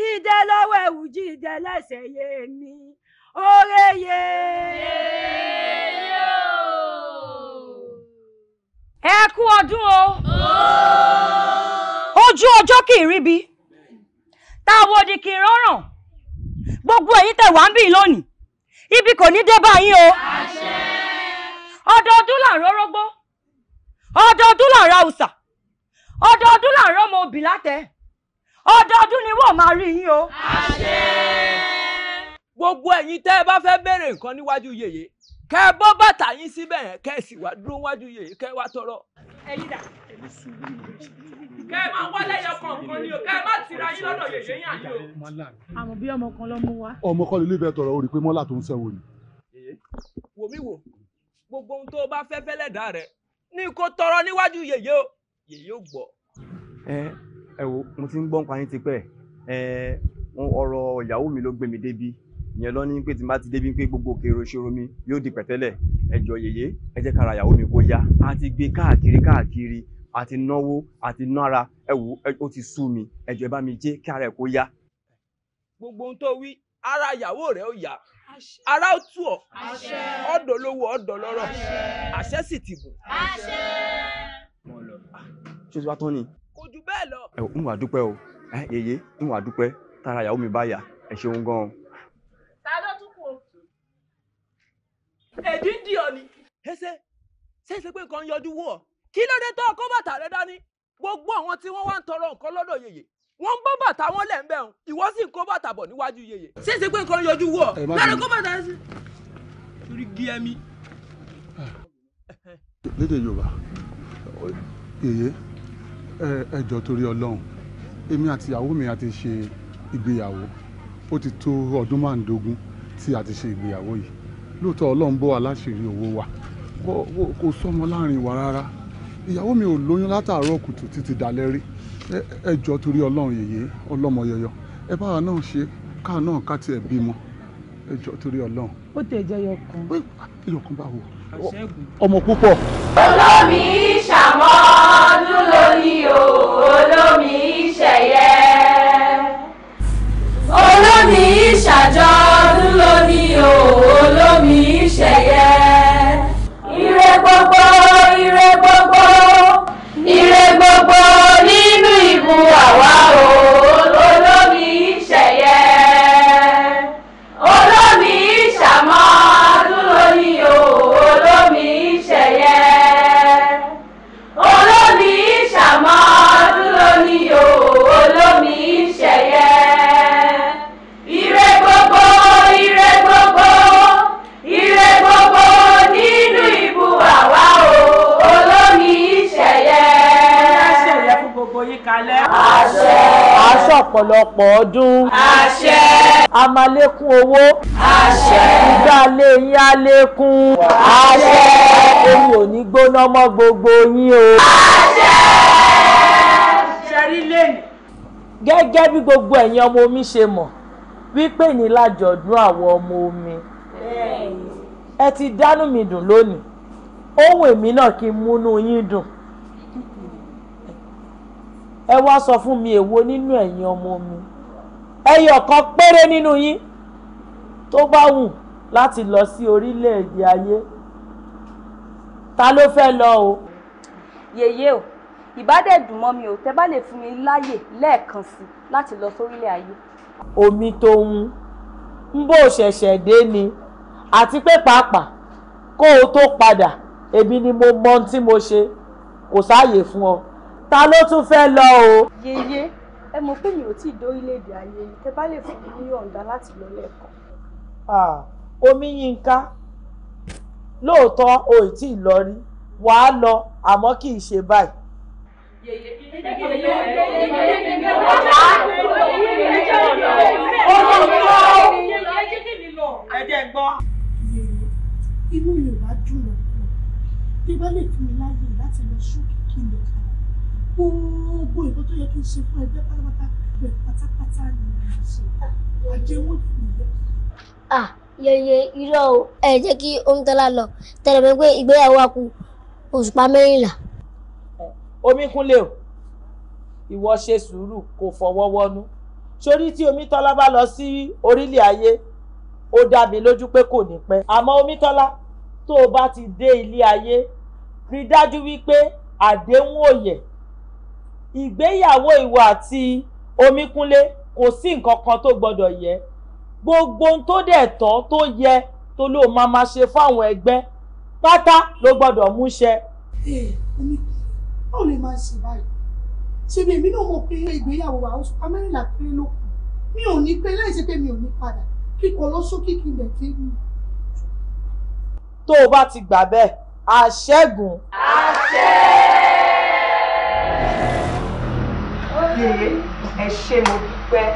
ìdẹ lọ́wọ́ ẹ̀wù jí ìdẹ lẹ́sẹ̀ yé mi oore yé. ẹ kú ọdún o ojú ọjọ́ kì í ríbi tá a wo kì í rọrùn gbogbo èyí tẹ́ wá ń bì lónìí ibi kò ní dé báyìí o ọdọọdún là ń rọrọgbó ọdọọdún là ra òòsà ọdọọdún là ń rọmọ obì látẹ ọdọọdún ni wọ́n máa rí yín o. àṣẹ. gbogbo ẹ̀yin tẹ́ ẹ bá fẹ́ béèrè nǹkan níwájú yèyé kẹ́ ẹ bọ́ bàtà yín síbẹ̀ yẹn kẹ́ ẹ sì wá dúró wájú yèyé kẹ́ ẹ wá tọrọ. ẹ̀yin dà kẹ́ ẹ máa wálé ẹyọ kọ̀ọ̀kan ni o kẹ́ ẹ má tira yín lọ́dọ̀ yèyé yín àná o. àmọ́ bí ọmọ kan ló mú wa. ọmọ kan lílé bẹ́ẹ̀ tọrọ o rí i pé mọ́là tó ń sẹ́wọ̀n ni. wò mí wò gbogbo ohun tó o bá fẹ́ fẹ́lẹ̀ dá rẹ̀ ní kó tọrọ níwájú yèyé o yèyé ò gbọ́. ẹ ẹ wo mo ti ń gbọ́ nípa yín tipẹ́ ẹ ọ̀rọ̀ ìyàwó mi ló gbé mi débi ìyẹn lọ ní pé tí n bá ti débi pé gbogbo òkèrò ìṣòro mi yóò di pẹ̀tẹ́lẹ̀ ẹ jọ yèyé ẹ jẹ́ kára ìyàwó mi kó yá a ti gbé káàkiri káàkiri a ti náwó a ti nára ẹ wo ó ti sú mi ẹ ẹ bá mi jẹ́ kí ara ẹ kó yá. gbogbo ohun tó wí ara ìyàwó rẹ ó yá ara ó tù ọ́ ọ̀dọ̀ lówó ọ̀dọ̀ lọ́rọ̀ àṣẹ sì ti bù. ṣé ti wá tán ni jù bẹ́ẹ̀ lọ. ẹ ń wà dúpẹ́ o ẹ yeye ń wà dúpẹ́ tára ìyàwó mi bá yà ẹ ṣeun gan-an. ta ló tún kù o èdè ń di ọ̀nì. ẹsẹ̀ ṣé ṣe pé nǹkan yọjú wọ̀ kí ló dé tó ọkọ bàtà rẹ dání gbogbo àwọn tí wọ́n wá ń tọrọ nǹkan lọ́dọ̀ yèyè wọ́n ń bọ́ bàtà wọn lẹ̀ ń bẹ̀ hàn ìwọ sì ń kó bàtà bọ̀ níwájú yèyè ṣé ṣe pé nǹkan yọjú wọ̀ lára kó bàtà rẹ sí. torí gí ẹmí. lédè yorùbá yèyé ẹ jọ̀ọ́ torí Ọlọ́run èmi àti ìyàwó mi a ti ṣe ìgbéyàwó ó ti tó ọdún márùndínlógún tí a ti ṣe ìgbéyàwó yìí lóòótọ́ Ọlọ́run bọ́ aláṣìírí owó wa kò sọmọ láàrin wa rárá ìyàwó mi ò lóyún látàárọ̀ kùtù títí dalẹ́ rí ẹ jọ̀ọ́ torí Ọlọ́run yèyé ọlọ́mọ yọyọ ẹ bá wa náà ṣe káà náà ká tiẹ̀ bímọ ẹ jọ̀ọ́ torí Ọlọ́run. ó tẹ̀ jẹ́ yọkan. yọkan báwo ọmọ púpọ̀. olómi ṣàmọ́. ṣọ̀pọ̀lọpọ̀ ọdún. àṣẹ. amalekun máa lékún owó. àṣẹ. ìgbà alẹ́ yín á lékún. àṣẹ. omi ò ní gbóná mọ́ gbogbo yín o. àṣẹ. ṣẹ́rí lẹ́yìn. gẹ́gẹ́ bí gbogbo ẹ̀yin ọmọ omi ṣe mọ̀ wípé ní lájọ̀dún àwọn ọmọ omi. ẹ ti dánú mi dùn lónìí ohun èmi náà kí n múnú yín dùn. ẹ wá sọ fún mi èwo nínú ẹ̀yin ọmọ mi ẹyọ kan péré nínú yín tó bá wù láti lọ sí orílẹ̀-èdè ayé ta ló fẹ́ lọ o. yèyé o ìbádẹ́dùnmọ́ mi ò tẹ́ bá lè fún mi láyè lẹ́ẹ̀kan sí láti lọ sórílẹ̀ ayé. omi tó ń ń bò ṣẹ̀ṣẹ̀ dé ni àti pé pàápàá kó o tó padà èmi ni mo mọ ohun tí mo ṣe kò sáàyè fún ọ ta ló tún fẹ́ lọ o. yeye ẹ mọ̀ pé mi ò tí ì dórílẹ̀-èdè ayé yìí tẹ bá lè fún mi ní ọ̀ǹda láti lọ lẹ́ẹ̀kan. omi yínká lóòótọ́ o ì tí ì lọ rí wàá lọ àmọ́ kì í ṣe báyìí. inú mi ò bá dùn lọ́kàn tí bá lè fún mi gbogbo nǹkan tó yẹ kí n ṣe fún ẹgbẹ́ pátápátá bẹ́ẹ̀ pátápátá ni mo ṣe àjẹwò nìyẹn. ah yẹyẹ irọ́ o ẹ jẹ́ kí omitola lọ tẹ̀lé mi pé ìgbéyàwó wa kù òṣùpá mẹ́rìnlá. omi kúnlé o ìwọ ṣe sùúrù kò fọwọ́ wọnú sórí tí omitola bá lọ sí orílẹ̀ ayé ó dá mi lójú pé kò ní pẹ́ àmọ́ omitola tó o bá ti dé ilé ayé rí dájú wípé àdéhùn òyẹ̀ ìgbéyàwó ìwọ àti omíkúnlé kò sí nǹkan kan tó gbọdọ̀ yẹ gbogbo ohun tó dẹ̀ tọ́ tó yẹ tó ló máa máa ṣe fáwọn ẹgbẹ́ pátá ló gbọdọ̀ mú ṣẹ. ẹ omi báwo lè máa ṣe báyìí ṣebí èmi náà mọ̀ pé ìgbéyàwó wa oṣù amẹ́rìnlá péré ló kù mi ò ní pé láì ṣe pé mi ò ní padà kíkọ lọ sókè kí n lè dé mi. tó o bá ti gbà bẹ́ẹ̀ àṣẹ́gun. àṣẹ. Délé ẹ ṣé mo dúpẹ́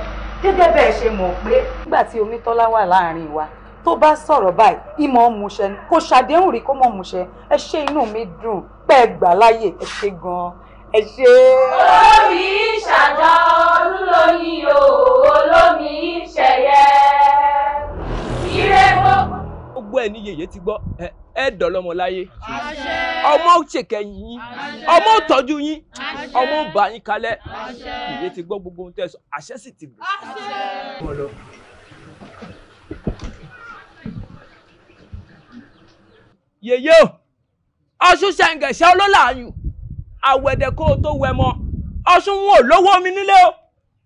gẹ́gẹ́ bẹ́ẹ̀ ṣe mọ̀ pé. nígbà tí Omítọ́lá wà láàrin wa tó bá sọ̀rọ̀ báyìí ìmọ̀ ọmúṣẹ ni kò ṣàdéhùn rí kó mọ̀ ọmúṣẹ ẹ ṣé inú mi dùn pẹ́ gbà láyè ẹ ṣé gan-an ẹ ṣé. olómi ṣàjọ olúlóyìn o olómi ṣẹyẹ ire gbọ́. ẹ ní yèyé ti gbọ́ ẹ ẹ dọ̀lọ́mọ láyé ọmọ òṣèkẹ́ yín ọmọ òtọ́jú yín ọmọ òbá yín kalẹ̀ ìyé ti gbọ́ gbogbo ohun tẹ́ sọ àṣẹ sì ti gbọ́. yèyé o ọ̀ṣun ṣàǹgẹ̀ṣẹ́ olólàáyùn àwẹ̀dẹ̀ kó o tó wẹ̀ mọ́ ọ̀ṣun wọn ò lówó mi nílé o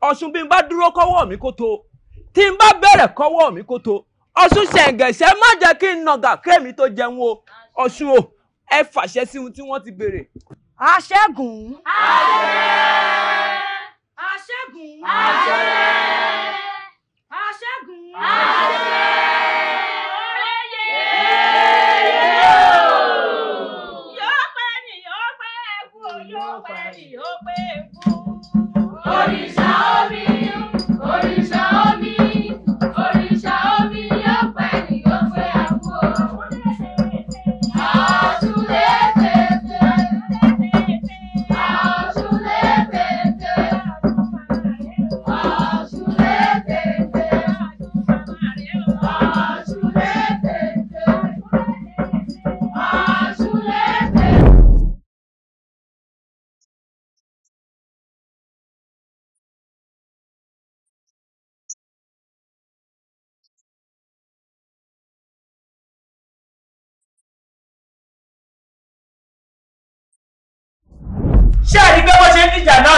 ọ̀ṣun bí n bá dúró kọ́wọ́ mi kó tó tí n bá bẹ̀rẹ̀ kọ́wọ́ mi kó tó ọ̀ṣun ṣẹ̀ǹgẹ̀ṣẹ̀ má jẹ́ kí n nàgà kẹ́mi tó jẹun o ọ̀ṣun o ẹ fàṣẹ sí ohun tí wọ́n ti béèrè. aṣẹ́gun. àṣẹ. aṣẹ́gun. àṣẹ. aṣẹ́gun. àṣẹ. Holy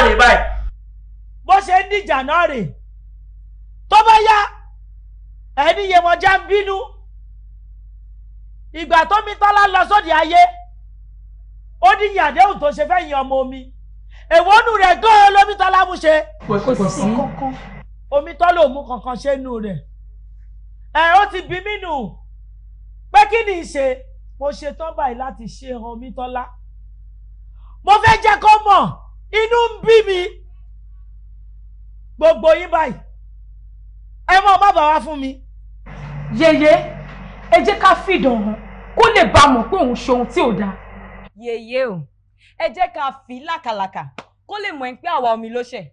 náà rè báyìí. bó ṣe ń dìjà náà rè tó bá yá ẹni Yemọja ń bínú ìgbà tó mi tọ́lá lọ sóde ayé ó ní ìyàdéhùn tó ṣe fẹ́ yin ọmọ omi èwo nù rẹ̀ gan-an lómi tọ́lá mú ṣe. kò sí kankan. omi tọ́lá ò kankan ṣe nù rẹ̀ ẹ ó ti bí mí nù pé kí ni ìṣe mo ṣe tán báyìí láti ṣe omi tọ́lá mo fẹ́ jẹ́ kó mọ̀ inú ń bí mi gbogbo yín báyìí ẹ mọ má bàa fún mi. yèyé ẹ jẹ́ ká fìdàn hàn kó lè bá a mọ̀ pé òun ṣe ohun tí ò dáa. yèyé o ẹ jẹ́ ká fi lákàlàkà kó lè mọ̀ pé àwa omi ló ṣẹ̀.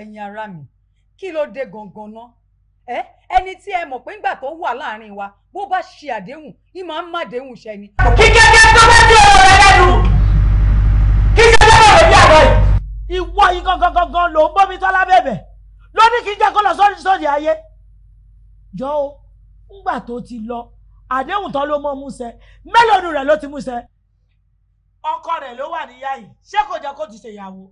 ẹ̀yin ará mi kí ló dé gangan náà ẹ ẹni tí ẹ mọ̀ pé ńgbà tó wà láàrin wa bó bá ṣe àdéhùn ìmọ̀ ń má àdéhùn ṣẹ kí gẹ́gẹ́ tó bá ti ọ̀rọ̀ lẹ́nu ìwọ yìí gangan gangan ló ń bómi tọ́lá bẹ̀bẹ̀ lóní kí n jẹ́ kó lọ sórí sórí ayé jọ o ńgbà tó ti lọ àdéhùn tán ló mọ múṣẹ mélòó rẹ ló ti múṣẹ ọkọ rẹ ló wà níyà yìí ṣé kò jẹ́ kó ti ṣèyàwó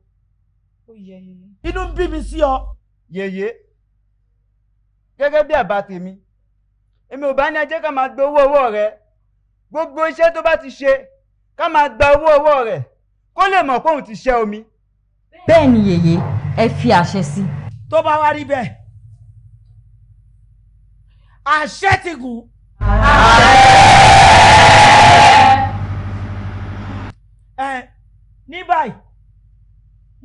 inú ń bí mi sí ọ. yèyé gẹ́gẹ́ bí àbá tèmi èmi ò bá ní ajẹ́ ká máa gbé owó ọwọ́ rẹ gbogbo iṣẹ́ tó bá ti ṣe ká máa gba owó ọwọ́ rẹ kó lè mọ̀ pé òun ti ṣẹ́ omi bẹ́ẹ̀ ni yèyé ẹ fi àṣẹ sí. tó bá wá rí bẹ́ẹ̀ àṣẹ ti gùn. ẹ ní báyìí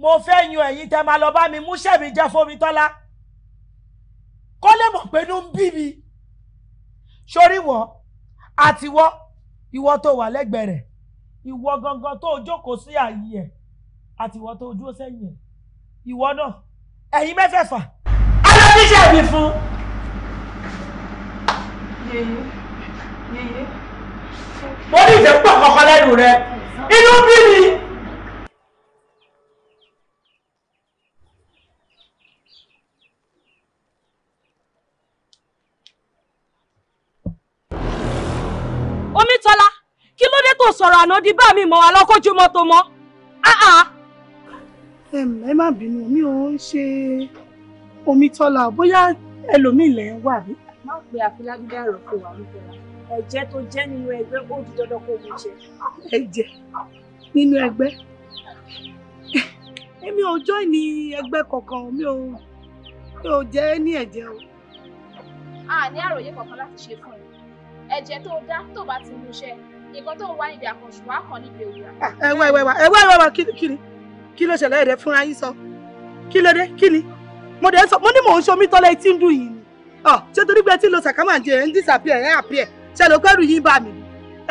mo fẹ́ yan ẹ̀yin tẹ́ máa lọ bá mi múṣẹ́ mi jẹ́ Fómitọ́lá kó lè mọ̀ pé inú ń bí mi sórí wọ́ àtiwọ́ ìwọ tó wà lẹ́gbẹ̀ẹ́ rẹ̀ ìwọ gangan tó jókòó sí ààyè ẹ̀ àti ìwọ tó dúró sẹ́yìn ẹ̀ ìwọ náà ẹ̀yin mẹ́fẹ̀ẹ̀fà alábíṣẹ́ mi fún. mo ní ìfẹ́ pọ̀ kọ́kọ́ lẹ́nu rẹ inú bí mi. Omitola kí ló dé tó sọ̀rọ̀ àná di bá mi mọ̀ wá lọ́kọ́jú mọ́tò mọ́. Ah ah ẹ má bínú mi ò ń ṣe omi tọ́lá bóyá ẹlòmíì lẹ̀ ń wà bí. má pe àfilágbádá ọ̀rọ̀ kò wà nípa ẹ̀jẹ̀ tó jẹ́ nínú ẹgbẹ́ ó di dandan kó mi jẹ. ẹ̀jẹ̀ nínú ẹgbẹ́ èmi ò jọ́ ní ẹgbẹ́ kankan mi ò mi ò jẹ́ ní ẹ̀jẹ̀ o. a ní àròyé kankan láti ṣe fún ẹ ẹ̀jẹ̀ tó dá tó bá ti mú iṣẹ́ nǹkan tó ń wá ìdí àkànṣùwà kan níbi òwúrọ̀. Ah, ẹ wá ẹ wá ẹ wá ẹ wá kiri kiri kí ló ṣẹlẹ̀ rẹ̀ fúnra yín sọ kí ló dé kí ni mo dẹ̀ sọ mo ní mò ń ṣomi tọ́lẹ̀ tí ń dùn yìí ni ọ ṣé torí pé tí ń lo sàkámàjẹ ẹ̀ ń disappear ẹ̀ appear ṣe ló kẹ́rù yín bá mi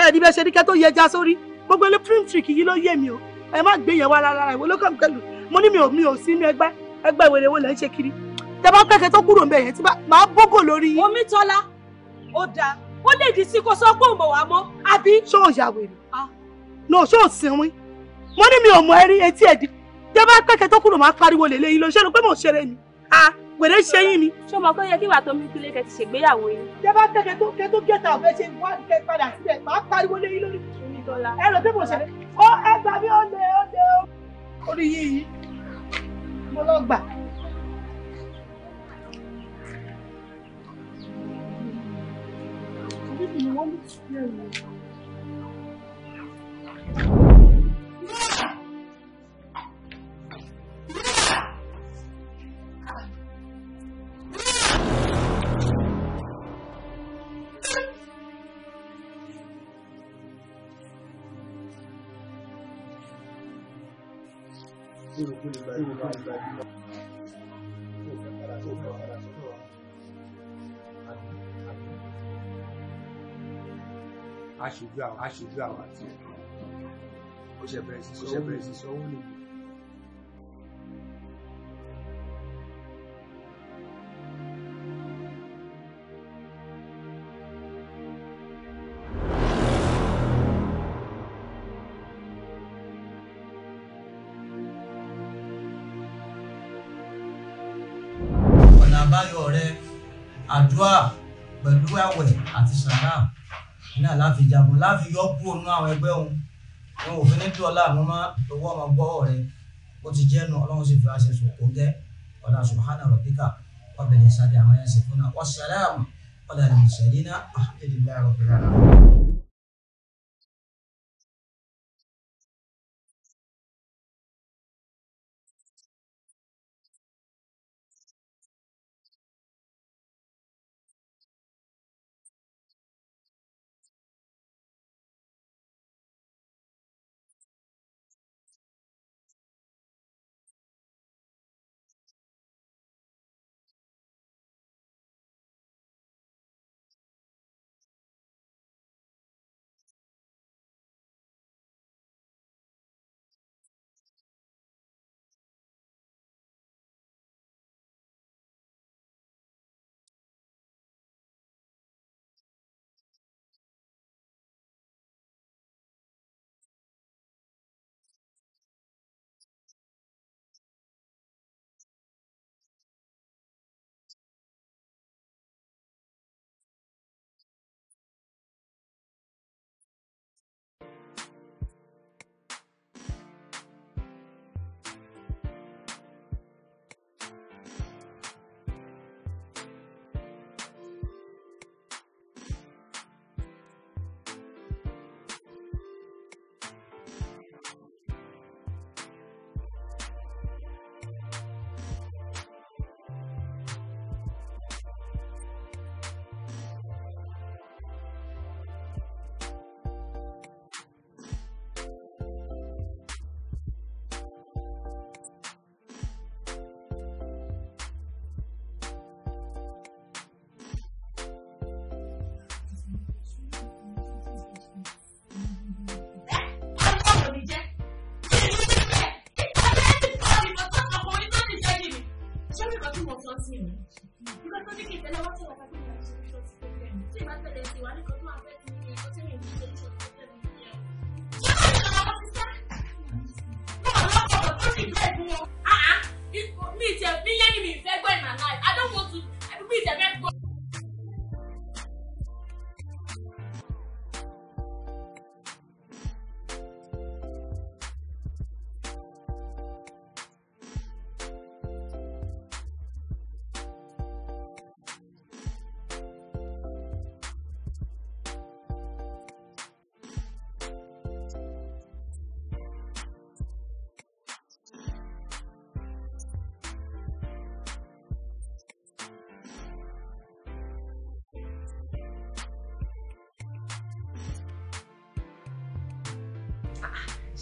ẹ̀ ní bẹ́ẹ̀ ṣe ní kẹ́ tó yẹja sórí gbogbo ilé prim trick yìí ló yé mi o ẹ má gbé yẹn wá rárá ìwé ló kàn pẹ̀lú mo ní mi ò mi ò sí inú ẹgbẹ́ ẹgbẹ́ ìwérewó lẹ́ ń ṣe kiri tẹ bá kẹ́kẹ́ tó kúrò mbẹ̀ yẹn tí máa bógò lórí yín. omi tọ́lá ó dáa ó lè di sí kó sọ pé òmò wà mọ́ àbí. ṣó ò yàwèrè ah. no ṣó ò sinwin mo ní mi ò mọ ẹrí etí ẹ̀dí jẹ́ bá pẹ̀kẹ́ tó kúrò máa pariwo lélẹ́ yìí lọ ṣé ló pé mò ń ṣeré ni à wèrè ṣe yín ni. ṣé o mọ̀ pé yẹ kí ìwà tó mú kílé kẹ́ ti ṣègbéyàwó yín. jẹ́ bá pẹ̀kẹ́ tó kẹ́ tó gẹ̀ta ọ̀fẹ́ ṣe wá kẹ́ padà síbẹ̀ máa pariwo lé yín lórí. ẹ lọ pé mò ń ṣeré ó ẹ gbà mí ó lé ó lé ó. orí yìí mo lọ gbà. Thank you. aṣojú àwọn aṣojú àwọn àti ó ṣe bẹ̀rẹ̀ sí sọ ó ṣe bẹ̀rẹ̀ sí sọ ó nìyí. àti sàrà náà láfi jagun láfi yọ kúrò nínú àwọn ẹgbẹ́ òun wọn ò fi ní tó ọlá àmọ́ owó ọmọ gbọ́wọ́ rẹ ó ti jẹ́ nu ọlọ́run sì fi aṣẹ sòkò gẹ́ ọ̀la subhana rabbika ọbẹ̀ ní àwọn ẹ̀sìn fún wọ́n sàrà àmọ́ ọ̀la ìmùsẹ̀lẹ́ náà àhàlẹ́ ìlú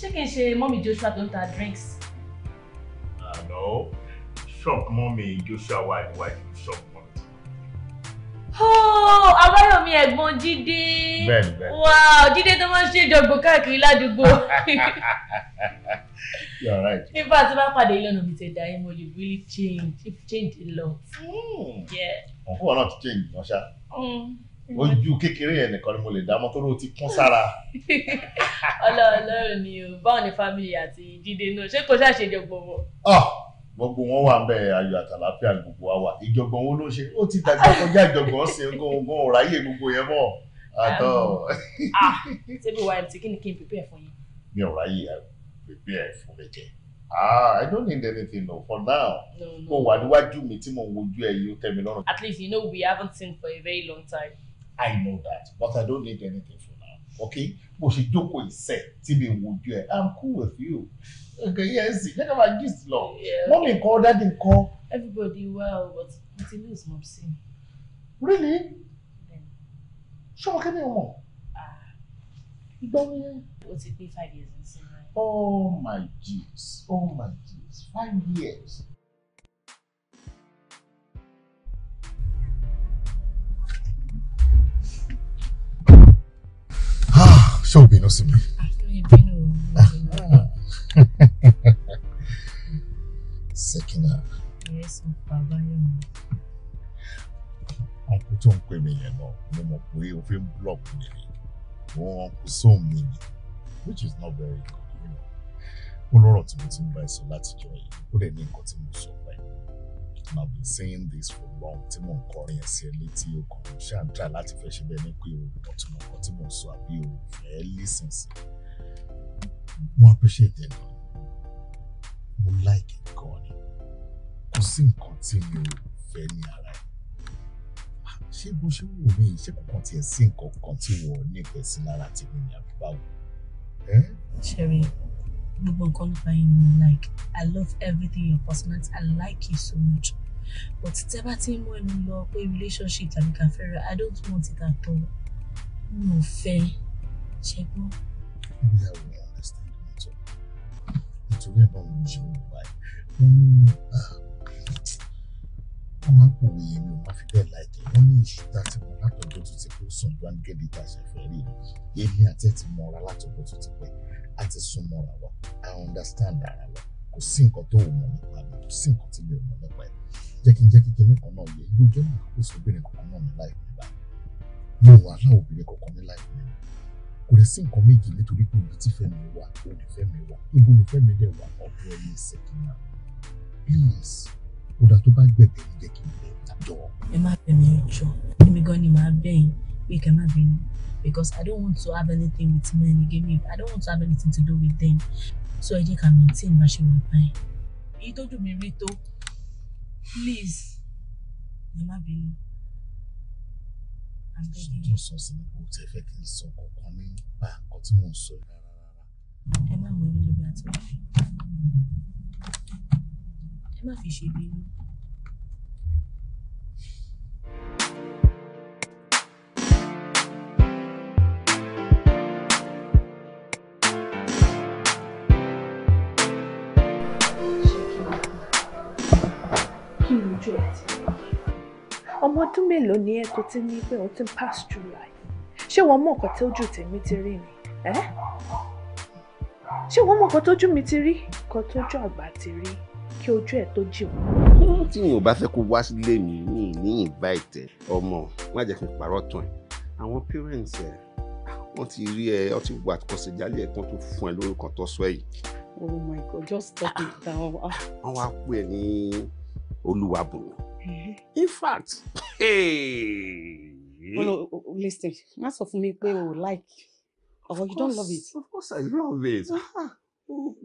ṣé kí n ṣe mọ́mì Joshua tó ń ta drinks. àná ah, ṣọ́ọ̀bù mọ́mì Joshua wà níwájú ṣọ́ọ̀bù mọ́mì. ooo oh, abáyọ̀mí ẹ̀gbọ́n Jídé wow Jídé tó máa ń ṣe ìjọ̀gbọ̀n káàkiri ládùúgbò. you're right. in fact bá pàdé ilé-ọ̀nà mi ti dà yín mo you really change you change a lot. òun fún wa náà ti change náà ṣá hmm. ojú kékeré yẹn nìkan ni mo lè dá mọ́ tó ti kún sára. Ọlọ́run ni o báwo ni family àti Jídé náà ṣé kò ṣàṣe ìjọgbọ̀n wọn. gbogbo wọn wà ńbẹ ayọ̀ àtàlàfíà gbogbo wa wà ìjọgbọ̀n wo ló ṣe ó ti dàgbà kọjá ìjọgbọ̀n ṣe gbọngàn ọ̀ráyè gbogbo yẹn mọ́ àtọ. Ah, ah. ṣébi wa mt kí ni kí n pèpè fún yín. mi ò ráyè eh, pèpè fún mi jẹ ah i don't need anything no for now mo wà níwájú mi tí mo wojú ẹ yìí ó mi lọ́rùn. at least you know we haven't seen for a very long time. i know that but i don't need anything okay bó ṣe jókòó ìṣe tí mi wò ju ẹ i'm cool with you okay yes jẹ́ ká máa gist lọ mọ́mí nǹkan dáàdi nǹkan. everybody well but mo ti lose mom sí. really ṣọwọ́ ah. kí ni o mọ̀ ìgbà wo ni. o ti pé five years n sin. oh my jeez oh my jeez five years. ṣé ò bínú sí mi. Sekina. Ọ̀nkú tó ń pè mí yẹn náà, mo mọ̀ pé o fi ń búlọ̀kù mi ni. Òun ọ̀nkú sóun mi ni, which is not very good. Ó lọ́rọ̀ tí mo ti ń bá ẹ sọ látijọ́ yìí, ó lè ní nǹkan tí mo sọ and I've been saying this for long tí mò ń kọrin ẹsẹ̀ létí okùn ṣáà ń try láti fẹ́ ṣe bẹ́ẹ̀ ni pé o mọ̀ tí tí mò ń sọ àbí o fẹ́ listen sí mo appreciate ẹ̀ náà mo like ẹ̀ gan ni kò sí nǹkan tí mi ò fẹ́ ní ara ẹ̀ ṣé bó ṣe wù mí ṣé kankan tiẹ̀ sí nǹkan kan tí wọ́n nífẹ̀ẹ́ sí lára tèmi ni àbí báwo. ṣe rí i gbogbo nǹkan nípa yín mo like i love everything your personality i like you so much but tẹ́ bá ti ń mú ẹnu lọ pé relationship tàbí kàfẹ́rẹ́ i don't want it at all No fair, fẹ́ ṣe gbọ́. maybe understand you at all nítorí ẹ̀ náà mo ṣe wọ́n báyìí wọ́n ní wọ́n máa ń pòwe èmi ò máa fi bẹ́ẹ̀ láìkẹ́ wọ́n ní ìṣúta ti mọ látọ̀dọ̀ tó ti kó a gbàǹgẹ̀dẹ̀ ìtàṣẹ̀fẹ̀ rí èmi àti ẹ̀ ti mọ ọ̀rá látọ̀dọ̀ tó ti pẹ́ àti súnmọ́ra wa i understand ara wa kò sí nǹkan tó wù mọ́ nípa mi kò sí nǹkan tí mi ò mọ̀ nípa ẹ̀ jẹ́ kí n jẹ́ kí kinní kan náà yẹ irú jẹ́ mi kò sí obìnrin kankan náà mi láì mi bá mi ò wà láwọn obìnrin kankan mi láì mi kò lè sí nǹkan méjì nítorí pé ibi tí fẹ́mi wà kò lè fẹ́mi wà ibo ni fẹ́mi dẹ̀ wà ọ̀dọ̀ ẹni ìṣẹ̀kùn náà please kódà tó bá gbẹ̀bẹ̀ mi jẹ́ kí n bẹ̀ ẹ̀ jọ. ẹ má bẹ̀ mí jọ èmi gan ni màá bẹ̀ yín pé kẹ́ má bínú because I don't want to have anything with men again. I don't want to have anything to do with them. So I jẹ́ ká maintain bá ṣe wà báyìí. You tó dùn mí rí please, ẹ má bínú. Sọ́jọ́ sọ sí mi kò tẹ́ fẹ́ kí n sọ kankan nípa nǹkan tí mò ń sọ rárá rárá. Ẹ má wọ inú lóbi àti òfin. Ẹ thank you kí ojú ẹ ti rí ọmọ ọdún mélòó ni ẹ tó ti ní pé òun ti ń pass through life ṣé wọn mọ nǹkan tí ojú tèmi ti rí ni ẹ ṣé wọn mọ nǹkan tójú mi ti rí nǹkan tójú àgbà ti rí kí ojú ẹ tó jì wọn. tí mi ò bá fẹ́ kó wá sílé mi ní ní invite ọmọ wọn á jẹ́ kí tán ẹ̀ àwọn parents ẹ̀ wọ́n ti rí ẹ ọ wà kọsẹ̀jálẹ̀ ẹ̀ kan tó fún ẹ lórúkọ tó sọ ẹ̀ yìí. oh my god just stop it down. wọ́n wá pè é ní. Olúwabùnmi eh. in fact. Oh, oh, oh, listen má sọ fún mi pé o like or you don't love it. of course I love it. Ah.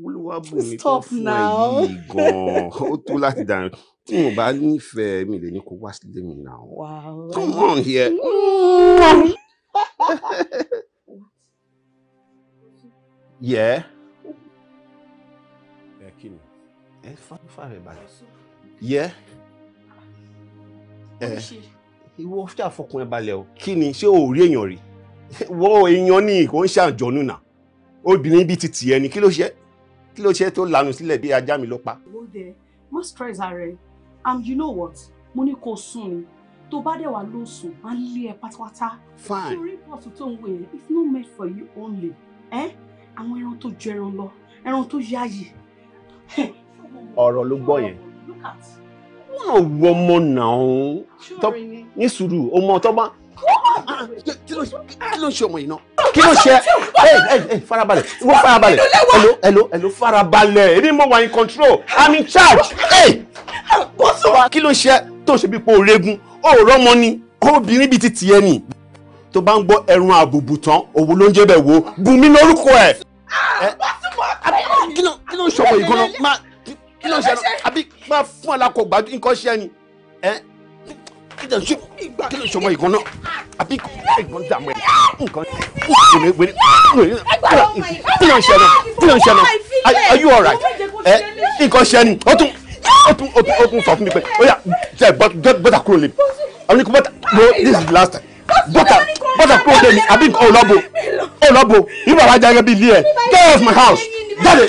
Olúwabùnmi tó fún ẹ yìí gan-an ó tó láti dànù tí mo bá nífẹ̀ẹ́ mi lè ní kó wá sílé mi náà. come on here. Mm. yeah. ẹ kí ni ẹ fà rẹ balẹ̀ yẹ ẹ eh. ìwọ ṣáà fọkàn ẹ balẹ̀ o kí ni ṣé o rí èèyàn rí wọ́n èèyàn ní kò ń ṣàjọ̀nù náà obìnrin bíi ti tì ẹni kí ló ṣe kí ló ṣe tó lanu sílẹ̀ bí ajá mi ló pa. wo there no stress ara ẹ and you know what mo ní kó sùn ni tó bá dẹ̀ wá ló sùn á lé ẹ pátápátá. fine torí bọ́ọ̀sì tó ń wò yẹn it's not meant for you only eh? àwọn ẹran tó jẹ ẹran lọ ẹran tó yáyì. ọ̀rọ̀ ló gbọ́ yẹn look at. wọ́n náà wọ ọmọ náà ní sùúrù ọmọ tó bá kí ló ń ṣe ọmọ yìí náà kí ló ṣe ẹ farabalẹ̀ wọ́n farabalẹ̀ hello hello hello farabalẹ̀ èmi mo wà in control i'm in charge kí ló ṣe tó ṣe bí pé òregun òòrọ̀ mọ́ ni obìnrin bíi ti tiẹ̀ ni tó bá ń gbọ́ ẹran àbùbù tán òwò ló ń jẹ́ bẹ̀ wò bùnmi lórúkọ ẹ̀ ah, kí ló ń ṣọwọ́ ìgbóná kí ló ń ṣe àbí máa fún alákọ̀ gbájú nǹkan ṣe ni ẹ kíjà ṣe kí ló ń ṣọmọ ìkan náà àbí ìkan dààmú ẹ nǹkan wèrè wèrè wèrè kí ló ń ṣe náà kí ló ń ṣe náà are you alright ẹ nǹkan ṣe ni ó tún ó tún ó tún sọ fún mi pé ó yà jẹ bọ́tà kúrò lè mi àwọn ní bọ́tà no this is the last time bọ́tà bọ́tà kúrò dé mi àbí olọ́bo olọ́bo ìwà wájà gẹ́gẹ́ bí ilé ẹ̀ get out of my house jáde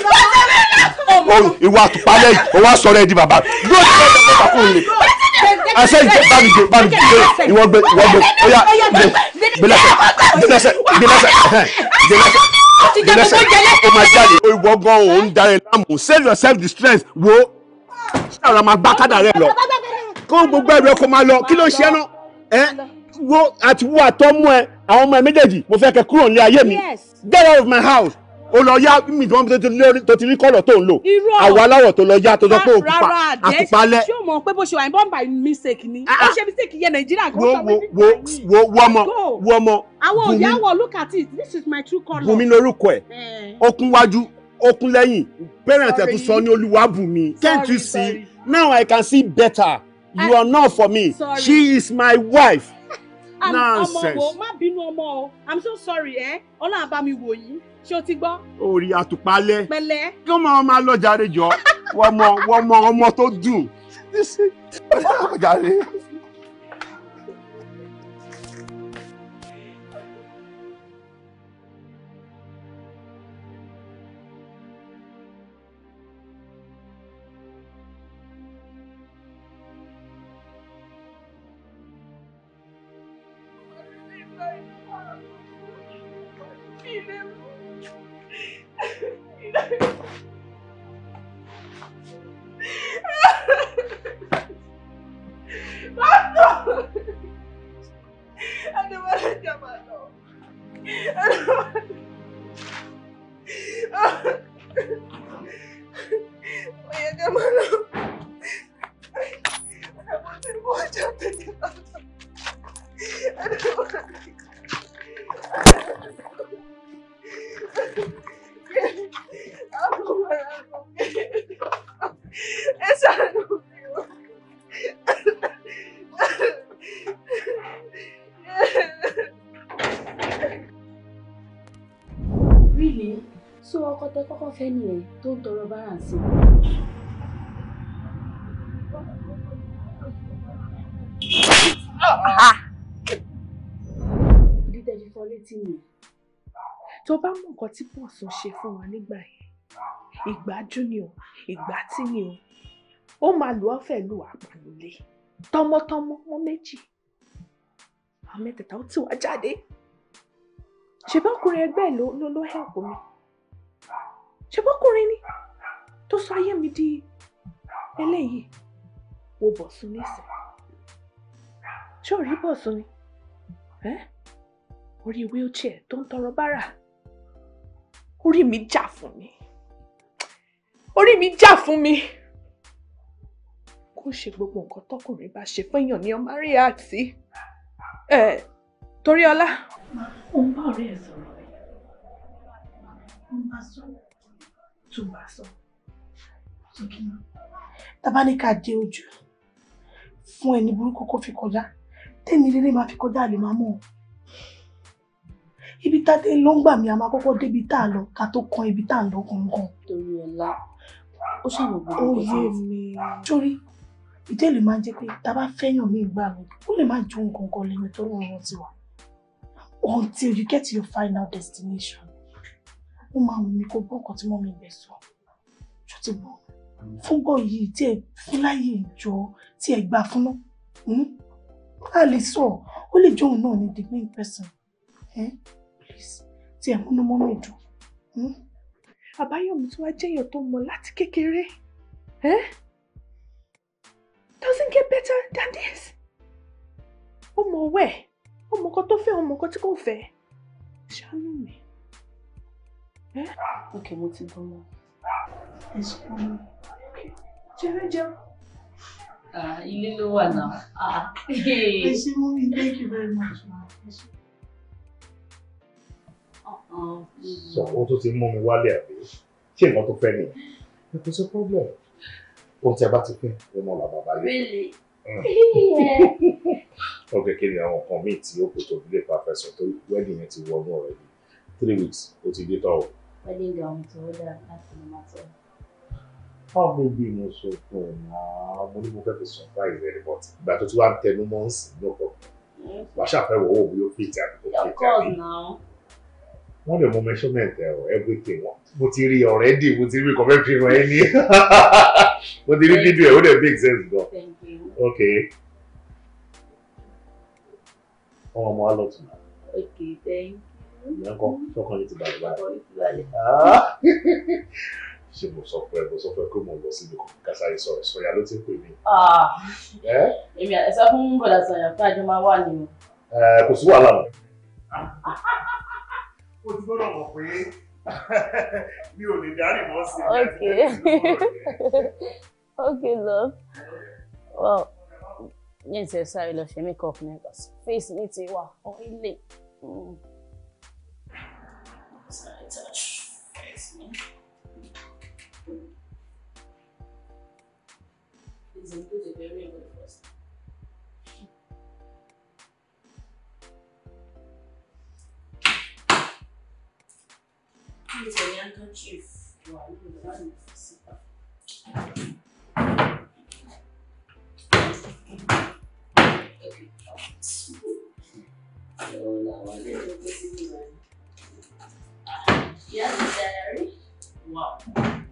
ìwà àtùpalẹ̀ ìwà sọ̀rọ̀ ẹ̀ di bàbá dúró ti bẹ́ẹ̀ bọ́tà kúrò lè àṣẹ ìjẹ bámi gbé bámi gbé ìwọ gbé ìwọ gbé ọya gbé gbẹlẹsẹ gbẹlẹsẹ gbẹlẹsẹ gbẹlẹsẹ gbẹlẹsẹ o ma jáde o ìwọ gan o ń darí láàmú save yourself the strength wo ṣé àwọn ọmọ agbákádà rẹ lọ kó gbogbo ẹrù ẹ kó máa lọ kí ló ń ṣe ẹ náà ẹ wo àti wo àtọ́mú ẹ àwọn ọmọ ẹ méjèèjì mo fẹ́ kẹ kúrò ní ayé mi get out of my house o lọ yá mi tí wọn tó ti rí kọlọ tó ń lò àwọ aláwọ tó lọ yá tó sọ pé òkúpa àtùpalẹ. ṣé o mọ̀ pé bó ṣe wà ní bọ́ǹbà mistake ni ah, ah. ó ṣe mistake yẹ nàìjíríà kan sọ pé nígbà yìí wo ọmọ wo ọmọ àwọn òyàwó look at it this is my true colour. bùnmi lórúkọ ẹ eh. okun wájú okun lẹ́yìn parents ẹ tún sọ ní olúwa bùnmi can't you see now i can see better you are not for me she is my wife and ọmọ wo má bínú ọmọ o i'm so sorry ẹ ọlọ́run bá mi wò yìí ṣé o ti gbọ́. orí àtùpálẹ̀ pẹ̀lẹ́ kí ọmọ ọmọ alọ́jà rẹ jọ wọ́n mọ ọmọ tó dùn. nǹkan tí pọ̀sùn ṣe fún wa nígbà yẹn ìgbájú ni o ìgbátí ni o ó máa lù ọ́ fẹ́ lù àpàlùlé tọmọtọmọ wọn méjì àwọn mẹ́tẹ̀ẹ̀ta ó ti wá jáde ṣùgbọ́n ẹgbẹ́ ló ló ló hẹ́ẹ̀pù mi ṣùgbọ́n ni tó sọ ayé mi di eléyìí wo bọ̀sùn nísìn ṣé ò rí bọ̀sùn ni orí wheelchair tó ń tọrọ bárà orí mi jà fún mi orí mi jà fún mi kó ṣe gbogbo nǹkan tọkùnrin bá ṣe fẹ́yàn ní ọmọ rí àti ẹ torí ọlá. ó ń bá ọ̀rẹ́ ẹ̀ sọ̀rọ̀ rẹ̀ ó bá sọ tó bá sọ tó kí ni. tábà ní ká dé ojú fún ẹni burúkú kó fi kọjá tẹ́ni rere máa fi kọjá lè máa mú un ibi tá a dé ló ń gbà mí a máa kọ́kọ́ débi tá a lọ ká tó kan ibi tá a lọ gangan. torí ọlá ó ṣàwọn gbogbo ọjọ́ ó mi torí ìdílé máa ń jẹ́ pé tá a bá fẹ́yàn mí gbà mí ó lè má jó nǹkan kan lẹ́nu tó rán ọ̀rọ̀ tiwa until you get your final destination ó máa wù mí kó gbọ́ nǹkan tí mọ́mí ibẹ̀ sọ ṣó ti bọ̀ fúnbọ̀ yìí tí ẹ fún láyè ìjọ tí ẹ gbà fún náà hmm? a lè sọ ó lè jóun náà ní the main person. Eh? tí ẹ̀ múnú mọ́ mi dùn. Hmm? Àbáyọ̀mí tí wàá jẹ́ èèyàn tó mọ̀ láti kékeré. Doesn't get better than this. Ó mọ̀ wẹ̀, ó mọ̀ nǹkan tó fẹ́, ó mọ̀ nǹkan tí kò fẹ́. Ṣàánú mi. Ok, mo ti gbọ́ wọn. Ẹ sọ fún mi. Jẹ́rẹ́ jẹun. Ah, ilé ló wà náà. Ah, ẹ mú mi, thank you very much sọ ohun tó ti mú mi wálé àbí ṣé nǹkan tó fẹ́ ni ẹ kò sí problem ohun tí a bá ti pín ọmọ làbà bá yẹ. ok kí ni àwọn nǹkan míì tí ó kò tó nílé pa fẹsọ tó wedding yẹn ti wọnú ọ̀rẹ́ yìí three weeks ó ti dé tọ́ wedding gown tó dáa láti mọ àtọ. Fáwọn ibi mo sọ fún ẹ̀ náà, mo ní mo fẹ́ fi sùn báyìí rẹ̀ but ìgbà tó tún wá ń tẹnu mọ́ ń sìn ní ọ̀pọ̀. Wàá ṣàfẹ́wọ̀ owó mi ó fi ìtàn. Of course now wọ́n lè mú measurement ẹ̀ ọ̀ everything wọn mo ti rí already mo ti rí kọ̀fẹ́ fi ràn ẹ́ ní mo ti rí fídíò ẹ̀ ó dẹ̀ make sense gan ok ọmọ ọmọ wa lọ tún náà ok thank you lẹ́kọ̀ọ́ fọkàn ní ti balẹ̀ balẹ̀ ṣe mo sọ fún ẹ mo sọ fún ẹ pé mo lọ síbi kan kásáré sọ̀rọ̀ sọyà ló ti ń pè mí. Ah. èmi àti ẹ̀sán fún bọ̀dà sọ̀yà fún àjọ máa wà nínú. kò sí wàhálà mọ́. Ah, ah, ó ti gbọ́dọ̀ mọ̀ pé mi ò lè dárì mọ́ sí i. okay okay love well ní ìtẹ̀ sáré lọ ṣe makeup ní ẹ̀ka face mi ti wà oily. Mm. Sorry, touch face me. níbẹ̀ ni handkerchief Wow.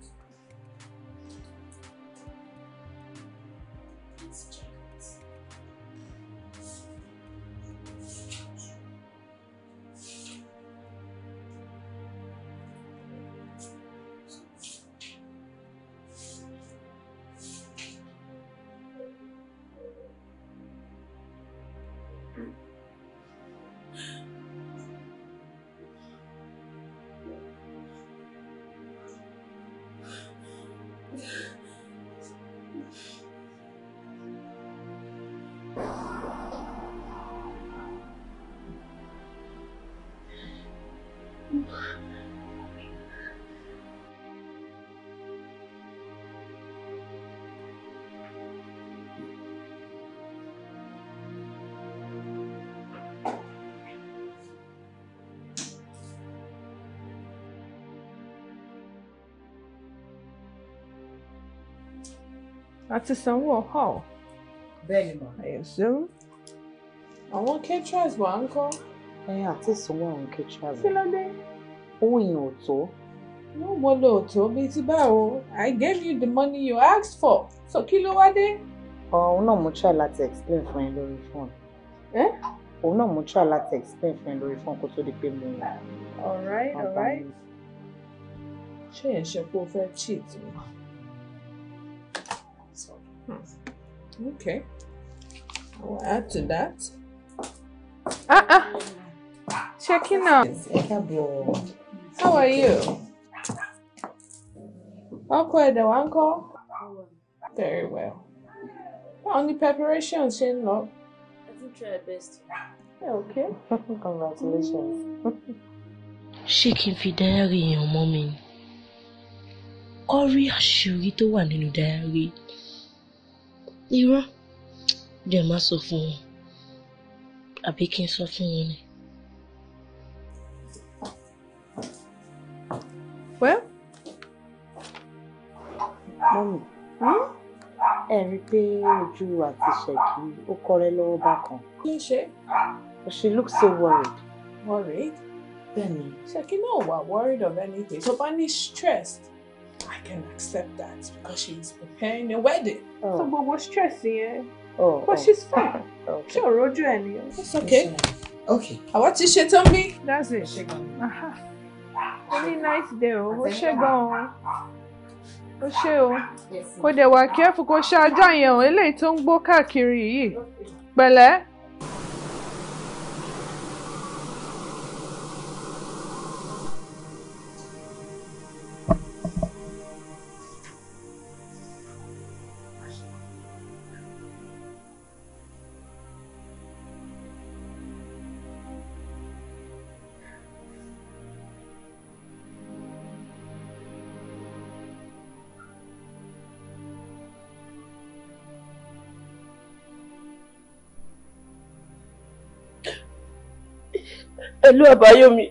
a ti sanwó hall. bẹ́ẹ̀ni ma. ẹ ṣeun. àwọn caterers wà ń kọ́. ẹ àti sanwó àwọn caterers. kí ló dé. owó yẹn ò tó. no gbọ́dọ̀ ò tó bíi ti i gave you the money you asked for so kilo a day. Oh, òun náà mo try láti explain fún yín lórí fóònù. ẹ. òun náà mo try láti explain fún yín lórí fóònù kó tó di pé mo. all right all right. ṣé ẹ̀ ṣe pé cheat Hmm. Okay. I will add to that. Ah ah. Uh-uh. Checking out. How are you? Uncle Edo, uncle. Very well. On the preparation, ṣe ń I think try her best. Yeah, okay. Congratulations. Ṣé kí n fi dáyárì yẹn mọ́ mi? Kọ́ rí àṣírí tó wà nínú dáyárì irọ́ jẹ́ má sọ fún wọn àbí kí n sọ fún wọn ni. mọ́mí hmm? ẹ rí i pé ojú àti ṣẹ́gi ó kọ́rẹ́ lọ́wọ́ bákan. kí n ṣe. she looks so worried. worried? bẹ́ẹ̀ ni. ṣẹ́gi náà wà worried of anything tó bá ní stressed I can accept that because she's preparing a wedding. Oh. So gbogbo stressing, eh? Oh. But oh. she's fine. Ah, okay. Ṣé òrò ojú ẹ It's okay. Okay, okay. Àwa ti ṣe tán bí. That's it. Any nice day o, she ṣe gan-an. Ó ṣe o. Kò dẹ̀ wà kẹ́fù kó ṣe ajá yẹn o, eléyìí tó ń gbó káàkiri yìí. Pẹ̀lẹ́. pẹ̀lú àbáyọ̀mí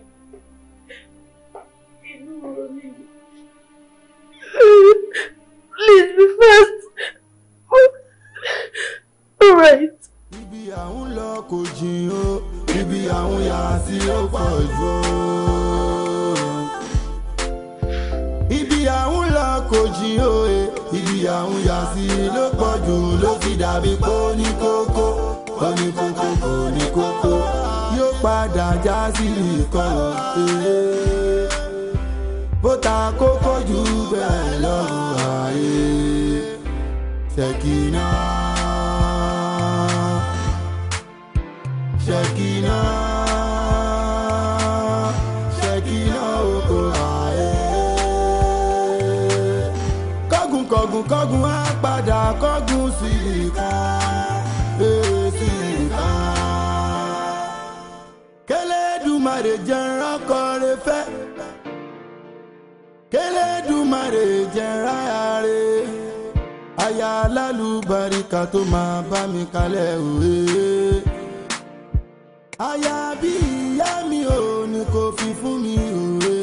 padà já sí ikọ̀ bó ta kókó jù bẹ́ẹ̀ lọ́rùn ààyè ṣèkínà ṣèkínà. kọ́gun kọ́gun á padà kọ́gun sí ìka. kélédùmarè jẹran kọrin fẹ́ kélédùmarè jẹran ààrẹ aya alálùbáríkà tó máa bá mi kalẹ̀ òwe. aya bí ìyá mi ò ní kò fi fún mi òwe.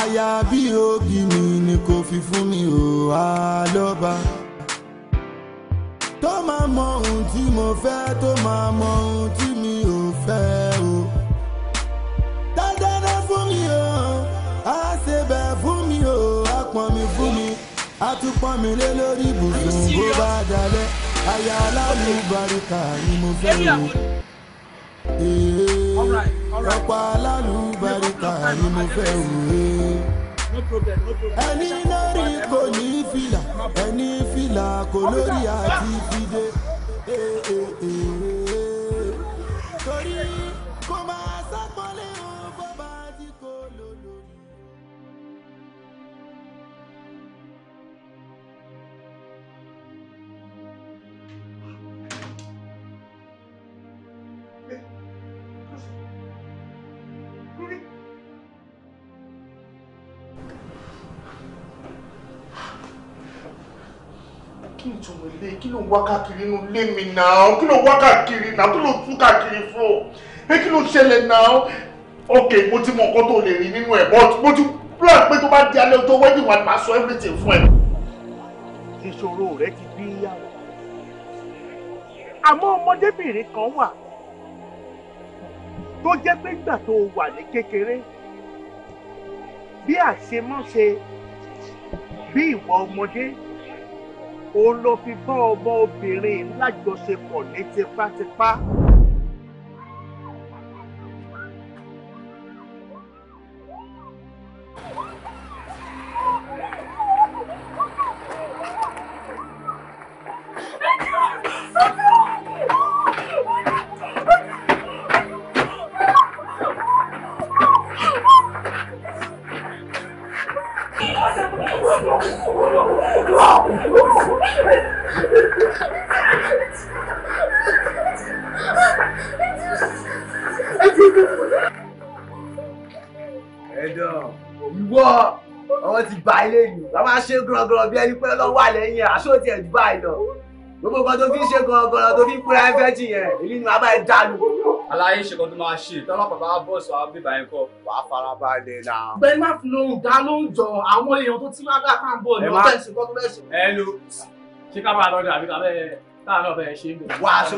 aya bí ògì mi ní kò fi fún mi ò àlọ́ba tó máa mọ ohun tí mo fẹ́ tó máa mọ ohun tí fẹ́ o. Dáadáa fún mi o, á ṣe bẹ́ẹ̀ fún mi o, á pọn mi fún mi, á tún pọn mi lé lórí ibùsùn bó bá dalẹ̀. Aya alálùbáríkà ni mo fẹ́ o. Eh, Ọ̀pọ̀ alálùbáríkà ni mo fẹ́ o. Eh. Ẹni lórí kò ní fìlà, ẹni fìlà kò lórí àti fìdé. Eh, ìtumọ̀ ilé kí ló ń wá inú ilé mi náà kí ló ń wá náà kí ló ń tún káàkiri fún ọ pé kí ló ń ṣẹlẹ̀ náà ok mo ti mọ nǹkan tó lè rí nínú ẹ̀ but mo ti plan pé tó bá di alẹ́ ọjọ́ wedding wa ni sọ everything fún ẹ. ìṣòro rẹ ti bí yàrá àmọ́ ọmọdébìnrin kan wà tó jẹ́ pé gbà tó wà ní kékeré bí àṣemọ́ṣe bí ìwà ọmọdé òun ló fi bá ọmọ obìnrin lájọṣepọ̀ ní tipátipá. gan bí ẹni pé ọlọ́run wà lẹ́yìn àṣọ́tì ẹ̀ dùbà ìlọ gbogbo nǹkan tó fi ń ṣe gangan tó fi ń pera ẹfẹ́ tì yẹn èyí ni bàbá ẹ dànù. aláyé ìṣègùn tó máa ṣe tọ́lá bàbá bọ́ọ̀sì wa bíbá yẹn kọ́ wàá farabalẹ̀ náà. bẹ́ẹ̀ má fi lóhùn dá lóhùn jọ àwọn èèyàn tó ti máa gbà tá à ń bọ̀ ní ọ̀tẹ̀ ìṣègùn ẹ lu ṣé ká máa lọ́dọ̀ àbí tàbí táà náà bẹ̀rẹ̀ ṣe ń bọ̀. wà sọ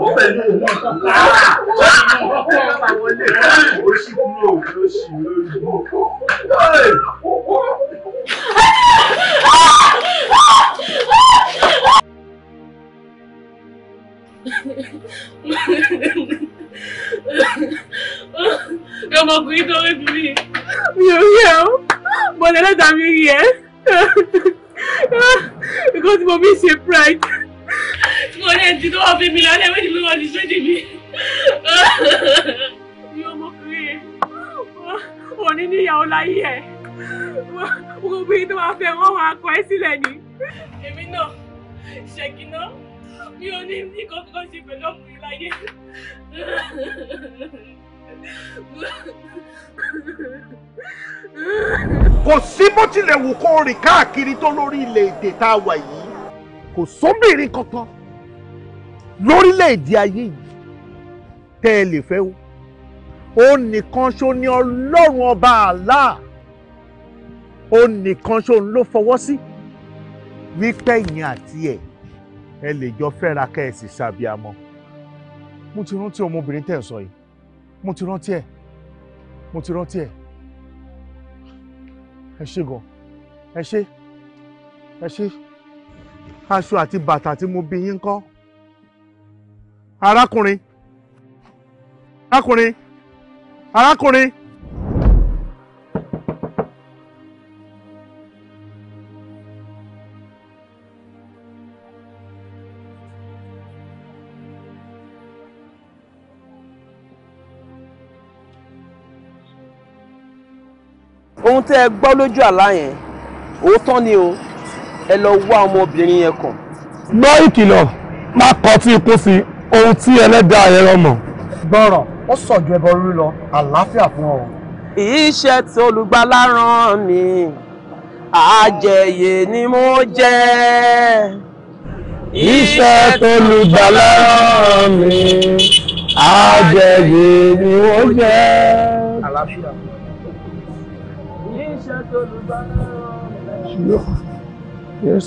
ó ọmọkùnrin tó rí fún mi mi ò rí ẹ o bọ̀dẹ̀ lẹ́tà mi rí ẹ nǹkan mo fi ṣe pride mo rẹ̀ ti tó wà fún mi lálẹ́ wẹ́n ni mi wà ní sódì mi. mi ò mọkùnrin wọn ní níyàwó láyé ẹ wọn bí tó máa fẹ́ wọn máa kọ ẹ sílẹ̀ ni. èmi náà ṣèkínà mi ò ní ní kankan ṣe pẹ̀lú ọkùnrin láyé. kò sí bó tilẹ̀ wù kó rìn káàkiri tó lórí ilẹ̀ èdè tá a wà yìí kò sóbìnrin kankan lórílẹ̀‐èdè ayé yìí tẹ́ ẹ lè fẹ́ o òun nìkan ṣo ni ọlọ́run ọba àlá òun nìkan ṣo ló fọwọ́ sí wípé ẹ̀yin àti ẹ̀ ẹ lè jọ fẹ́ra kẹ́ ẹ sì ṣàbíamọ. mo ti rántí ọmọbìnrin tẹ̀ ń sọ yìí mo ti rántí ẹ̀ mo ti rántí ẹ̀ ẹ ṣé gan ẹ ṣé ẹ ṣé aṣọ àti bàtà tí mo bí yín kọ́ arákùnrin arákùnrin arákùnrin. ohun tẹ́ ẹ gbọ́ lójú àlá yẹn òótọ́ ni o ẹ lọ wá ọmọbìnrin yẹn kàn. gbọ́ ìkìlọ̀ máa kọ́ tí ikú sí i ohun tí ẹlẹ́dàá yẹn rọmọ. gbọ́rọ̀ ó sàn ju ẹbọ rírú lọ àlàáfíà fún ọ. iṣẹ́ tí olùgbàlà rán mi àjẹyè ni mo jẹ́. iṣẹ́ tí olùgbàlà rán mi àjẹyè ni mo jẹ́. àlàáfíà. iṣẹ́ tí olùgbàlà rán mi. Yes.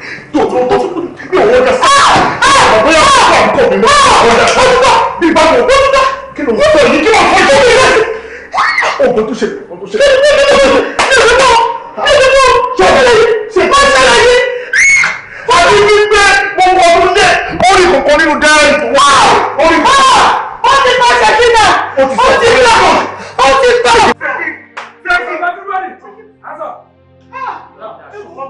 tó tó tó tó mi ò sí ọ̀rọ̀ bóyá púpọ̀ nǹkan mi lọ ọ̀rọ̀ sí bí ìbá mi ò wọ́n kí ló ń sọ yìí kí wọ́n fọ́ ìjọba yìí láti ọ̀gbọ̀n tó ṣe ọ̀gbọ̀n tó ṣe. Orí kòkó nínú dáárì. Wáá! Orí kòkó. Ó ti bá Ṣèkínà. Ó ti bá. Ó ti bá. Ṣèkí Ṣèkí Ṣèkí Ṣèkí Ṣèkí.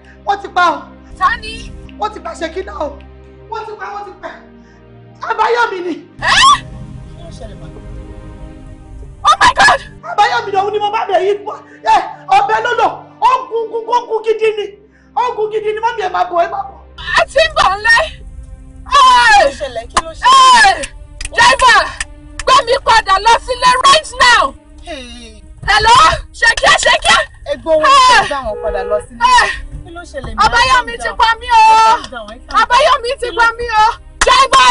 wọ́n ti pa o. sani. wọ́n ti pa ṣèkínà o wọ́n ti pa wọ́n ti pa àbáyọ̀mí ni. oh my god. àbáyọ̀mí lòun ni mo bá bẹ̀ yí ọbẹ̀ lọ́lọ́ ọ̀gùn gùn gùn gidi ni ọ̀gùn gidi ni mọ́mí ẹ̀ máa bọ̀ ẹ̀ máa bọ̀. a ti ń bọ̀ ńlẹ́. kí ló ṣẹlẹ̀ kí ló ṣẹlẹ̀. driver gbé mi padà lọ sílé right now. hello ṣèkíá ṣèkíá. egbò wọn ti gbà wọn padà lọ sílé. Abáyọ̀mí ti pa mí o Abáyọ̀mí ti pa mí o jaiba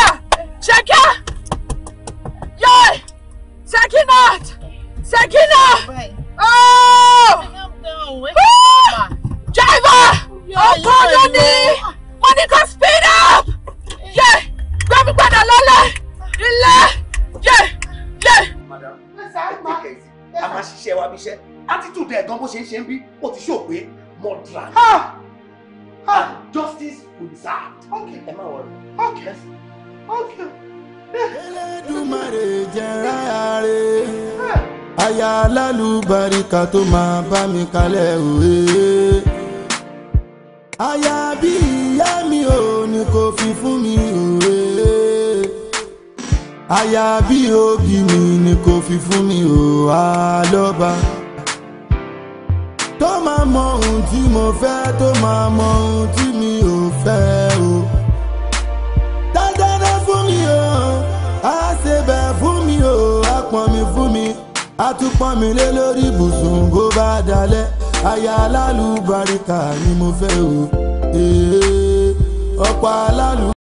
ṣèkí yoi Sekinat Sekina ooo jaiba ọkọ ló ní wọ́n ní kó speed up yẹ gbẹmí padà lọ́lẹ̀ ilé yẹ yẹ. madam ẹ take it a máa ṣiṣẹ́ wa bí iṣẹ́ attitude ẹ̀gbọ́n bó ṣe ń ṣe ń bí ó ti ṣòpin murderer. Ah! Ah! And justice will be served. Okay. Ẹ má wọrí. Okay. Yes. Okay. Elédùmarè jẹ̀rá eh. ààrẹ. Eh. Aya alálùbáríkà tó mi kalẹ̀ òwe. Aya bí ìyá mi ò ní kò fi fún mi òwe. Aya bí òbí mi ni kò fi fún mi ò wá lọ́ba tó máa mọ ohun tí mo fẹ́ tó máa mọ ohun tí mi ò fẹ́ o. dáadáa fún mi o á ṣe bẹ́ẹ̀ fún mi o a pọn mi fún mi á tún pọn mi lé lórí ibùsùn bó bá dalẹ̀ aya alálùbáríkà ni mo fẹ́ o. ọ̀pọ̀ alálùbáríkà.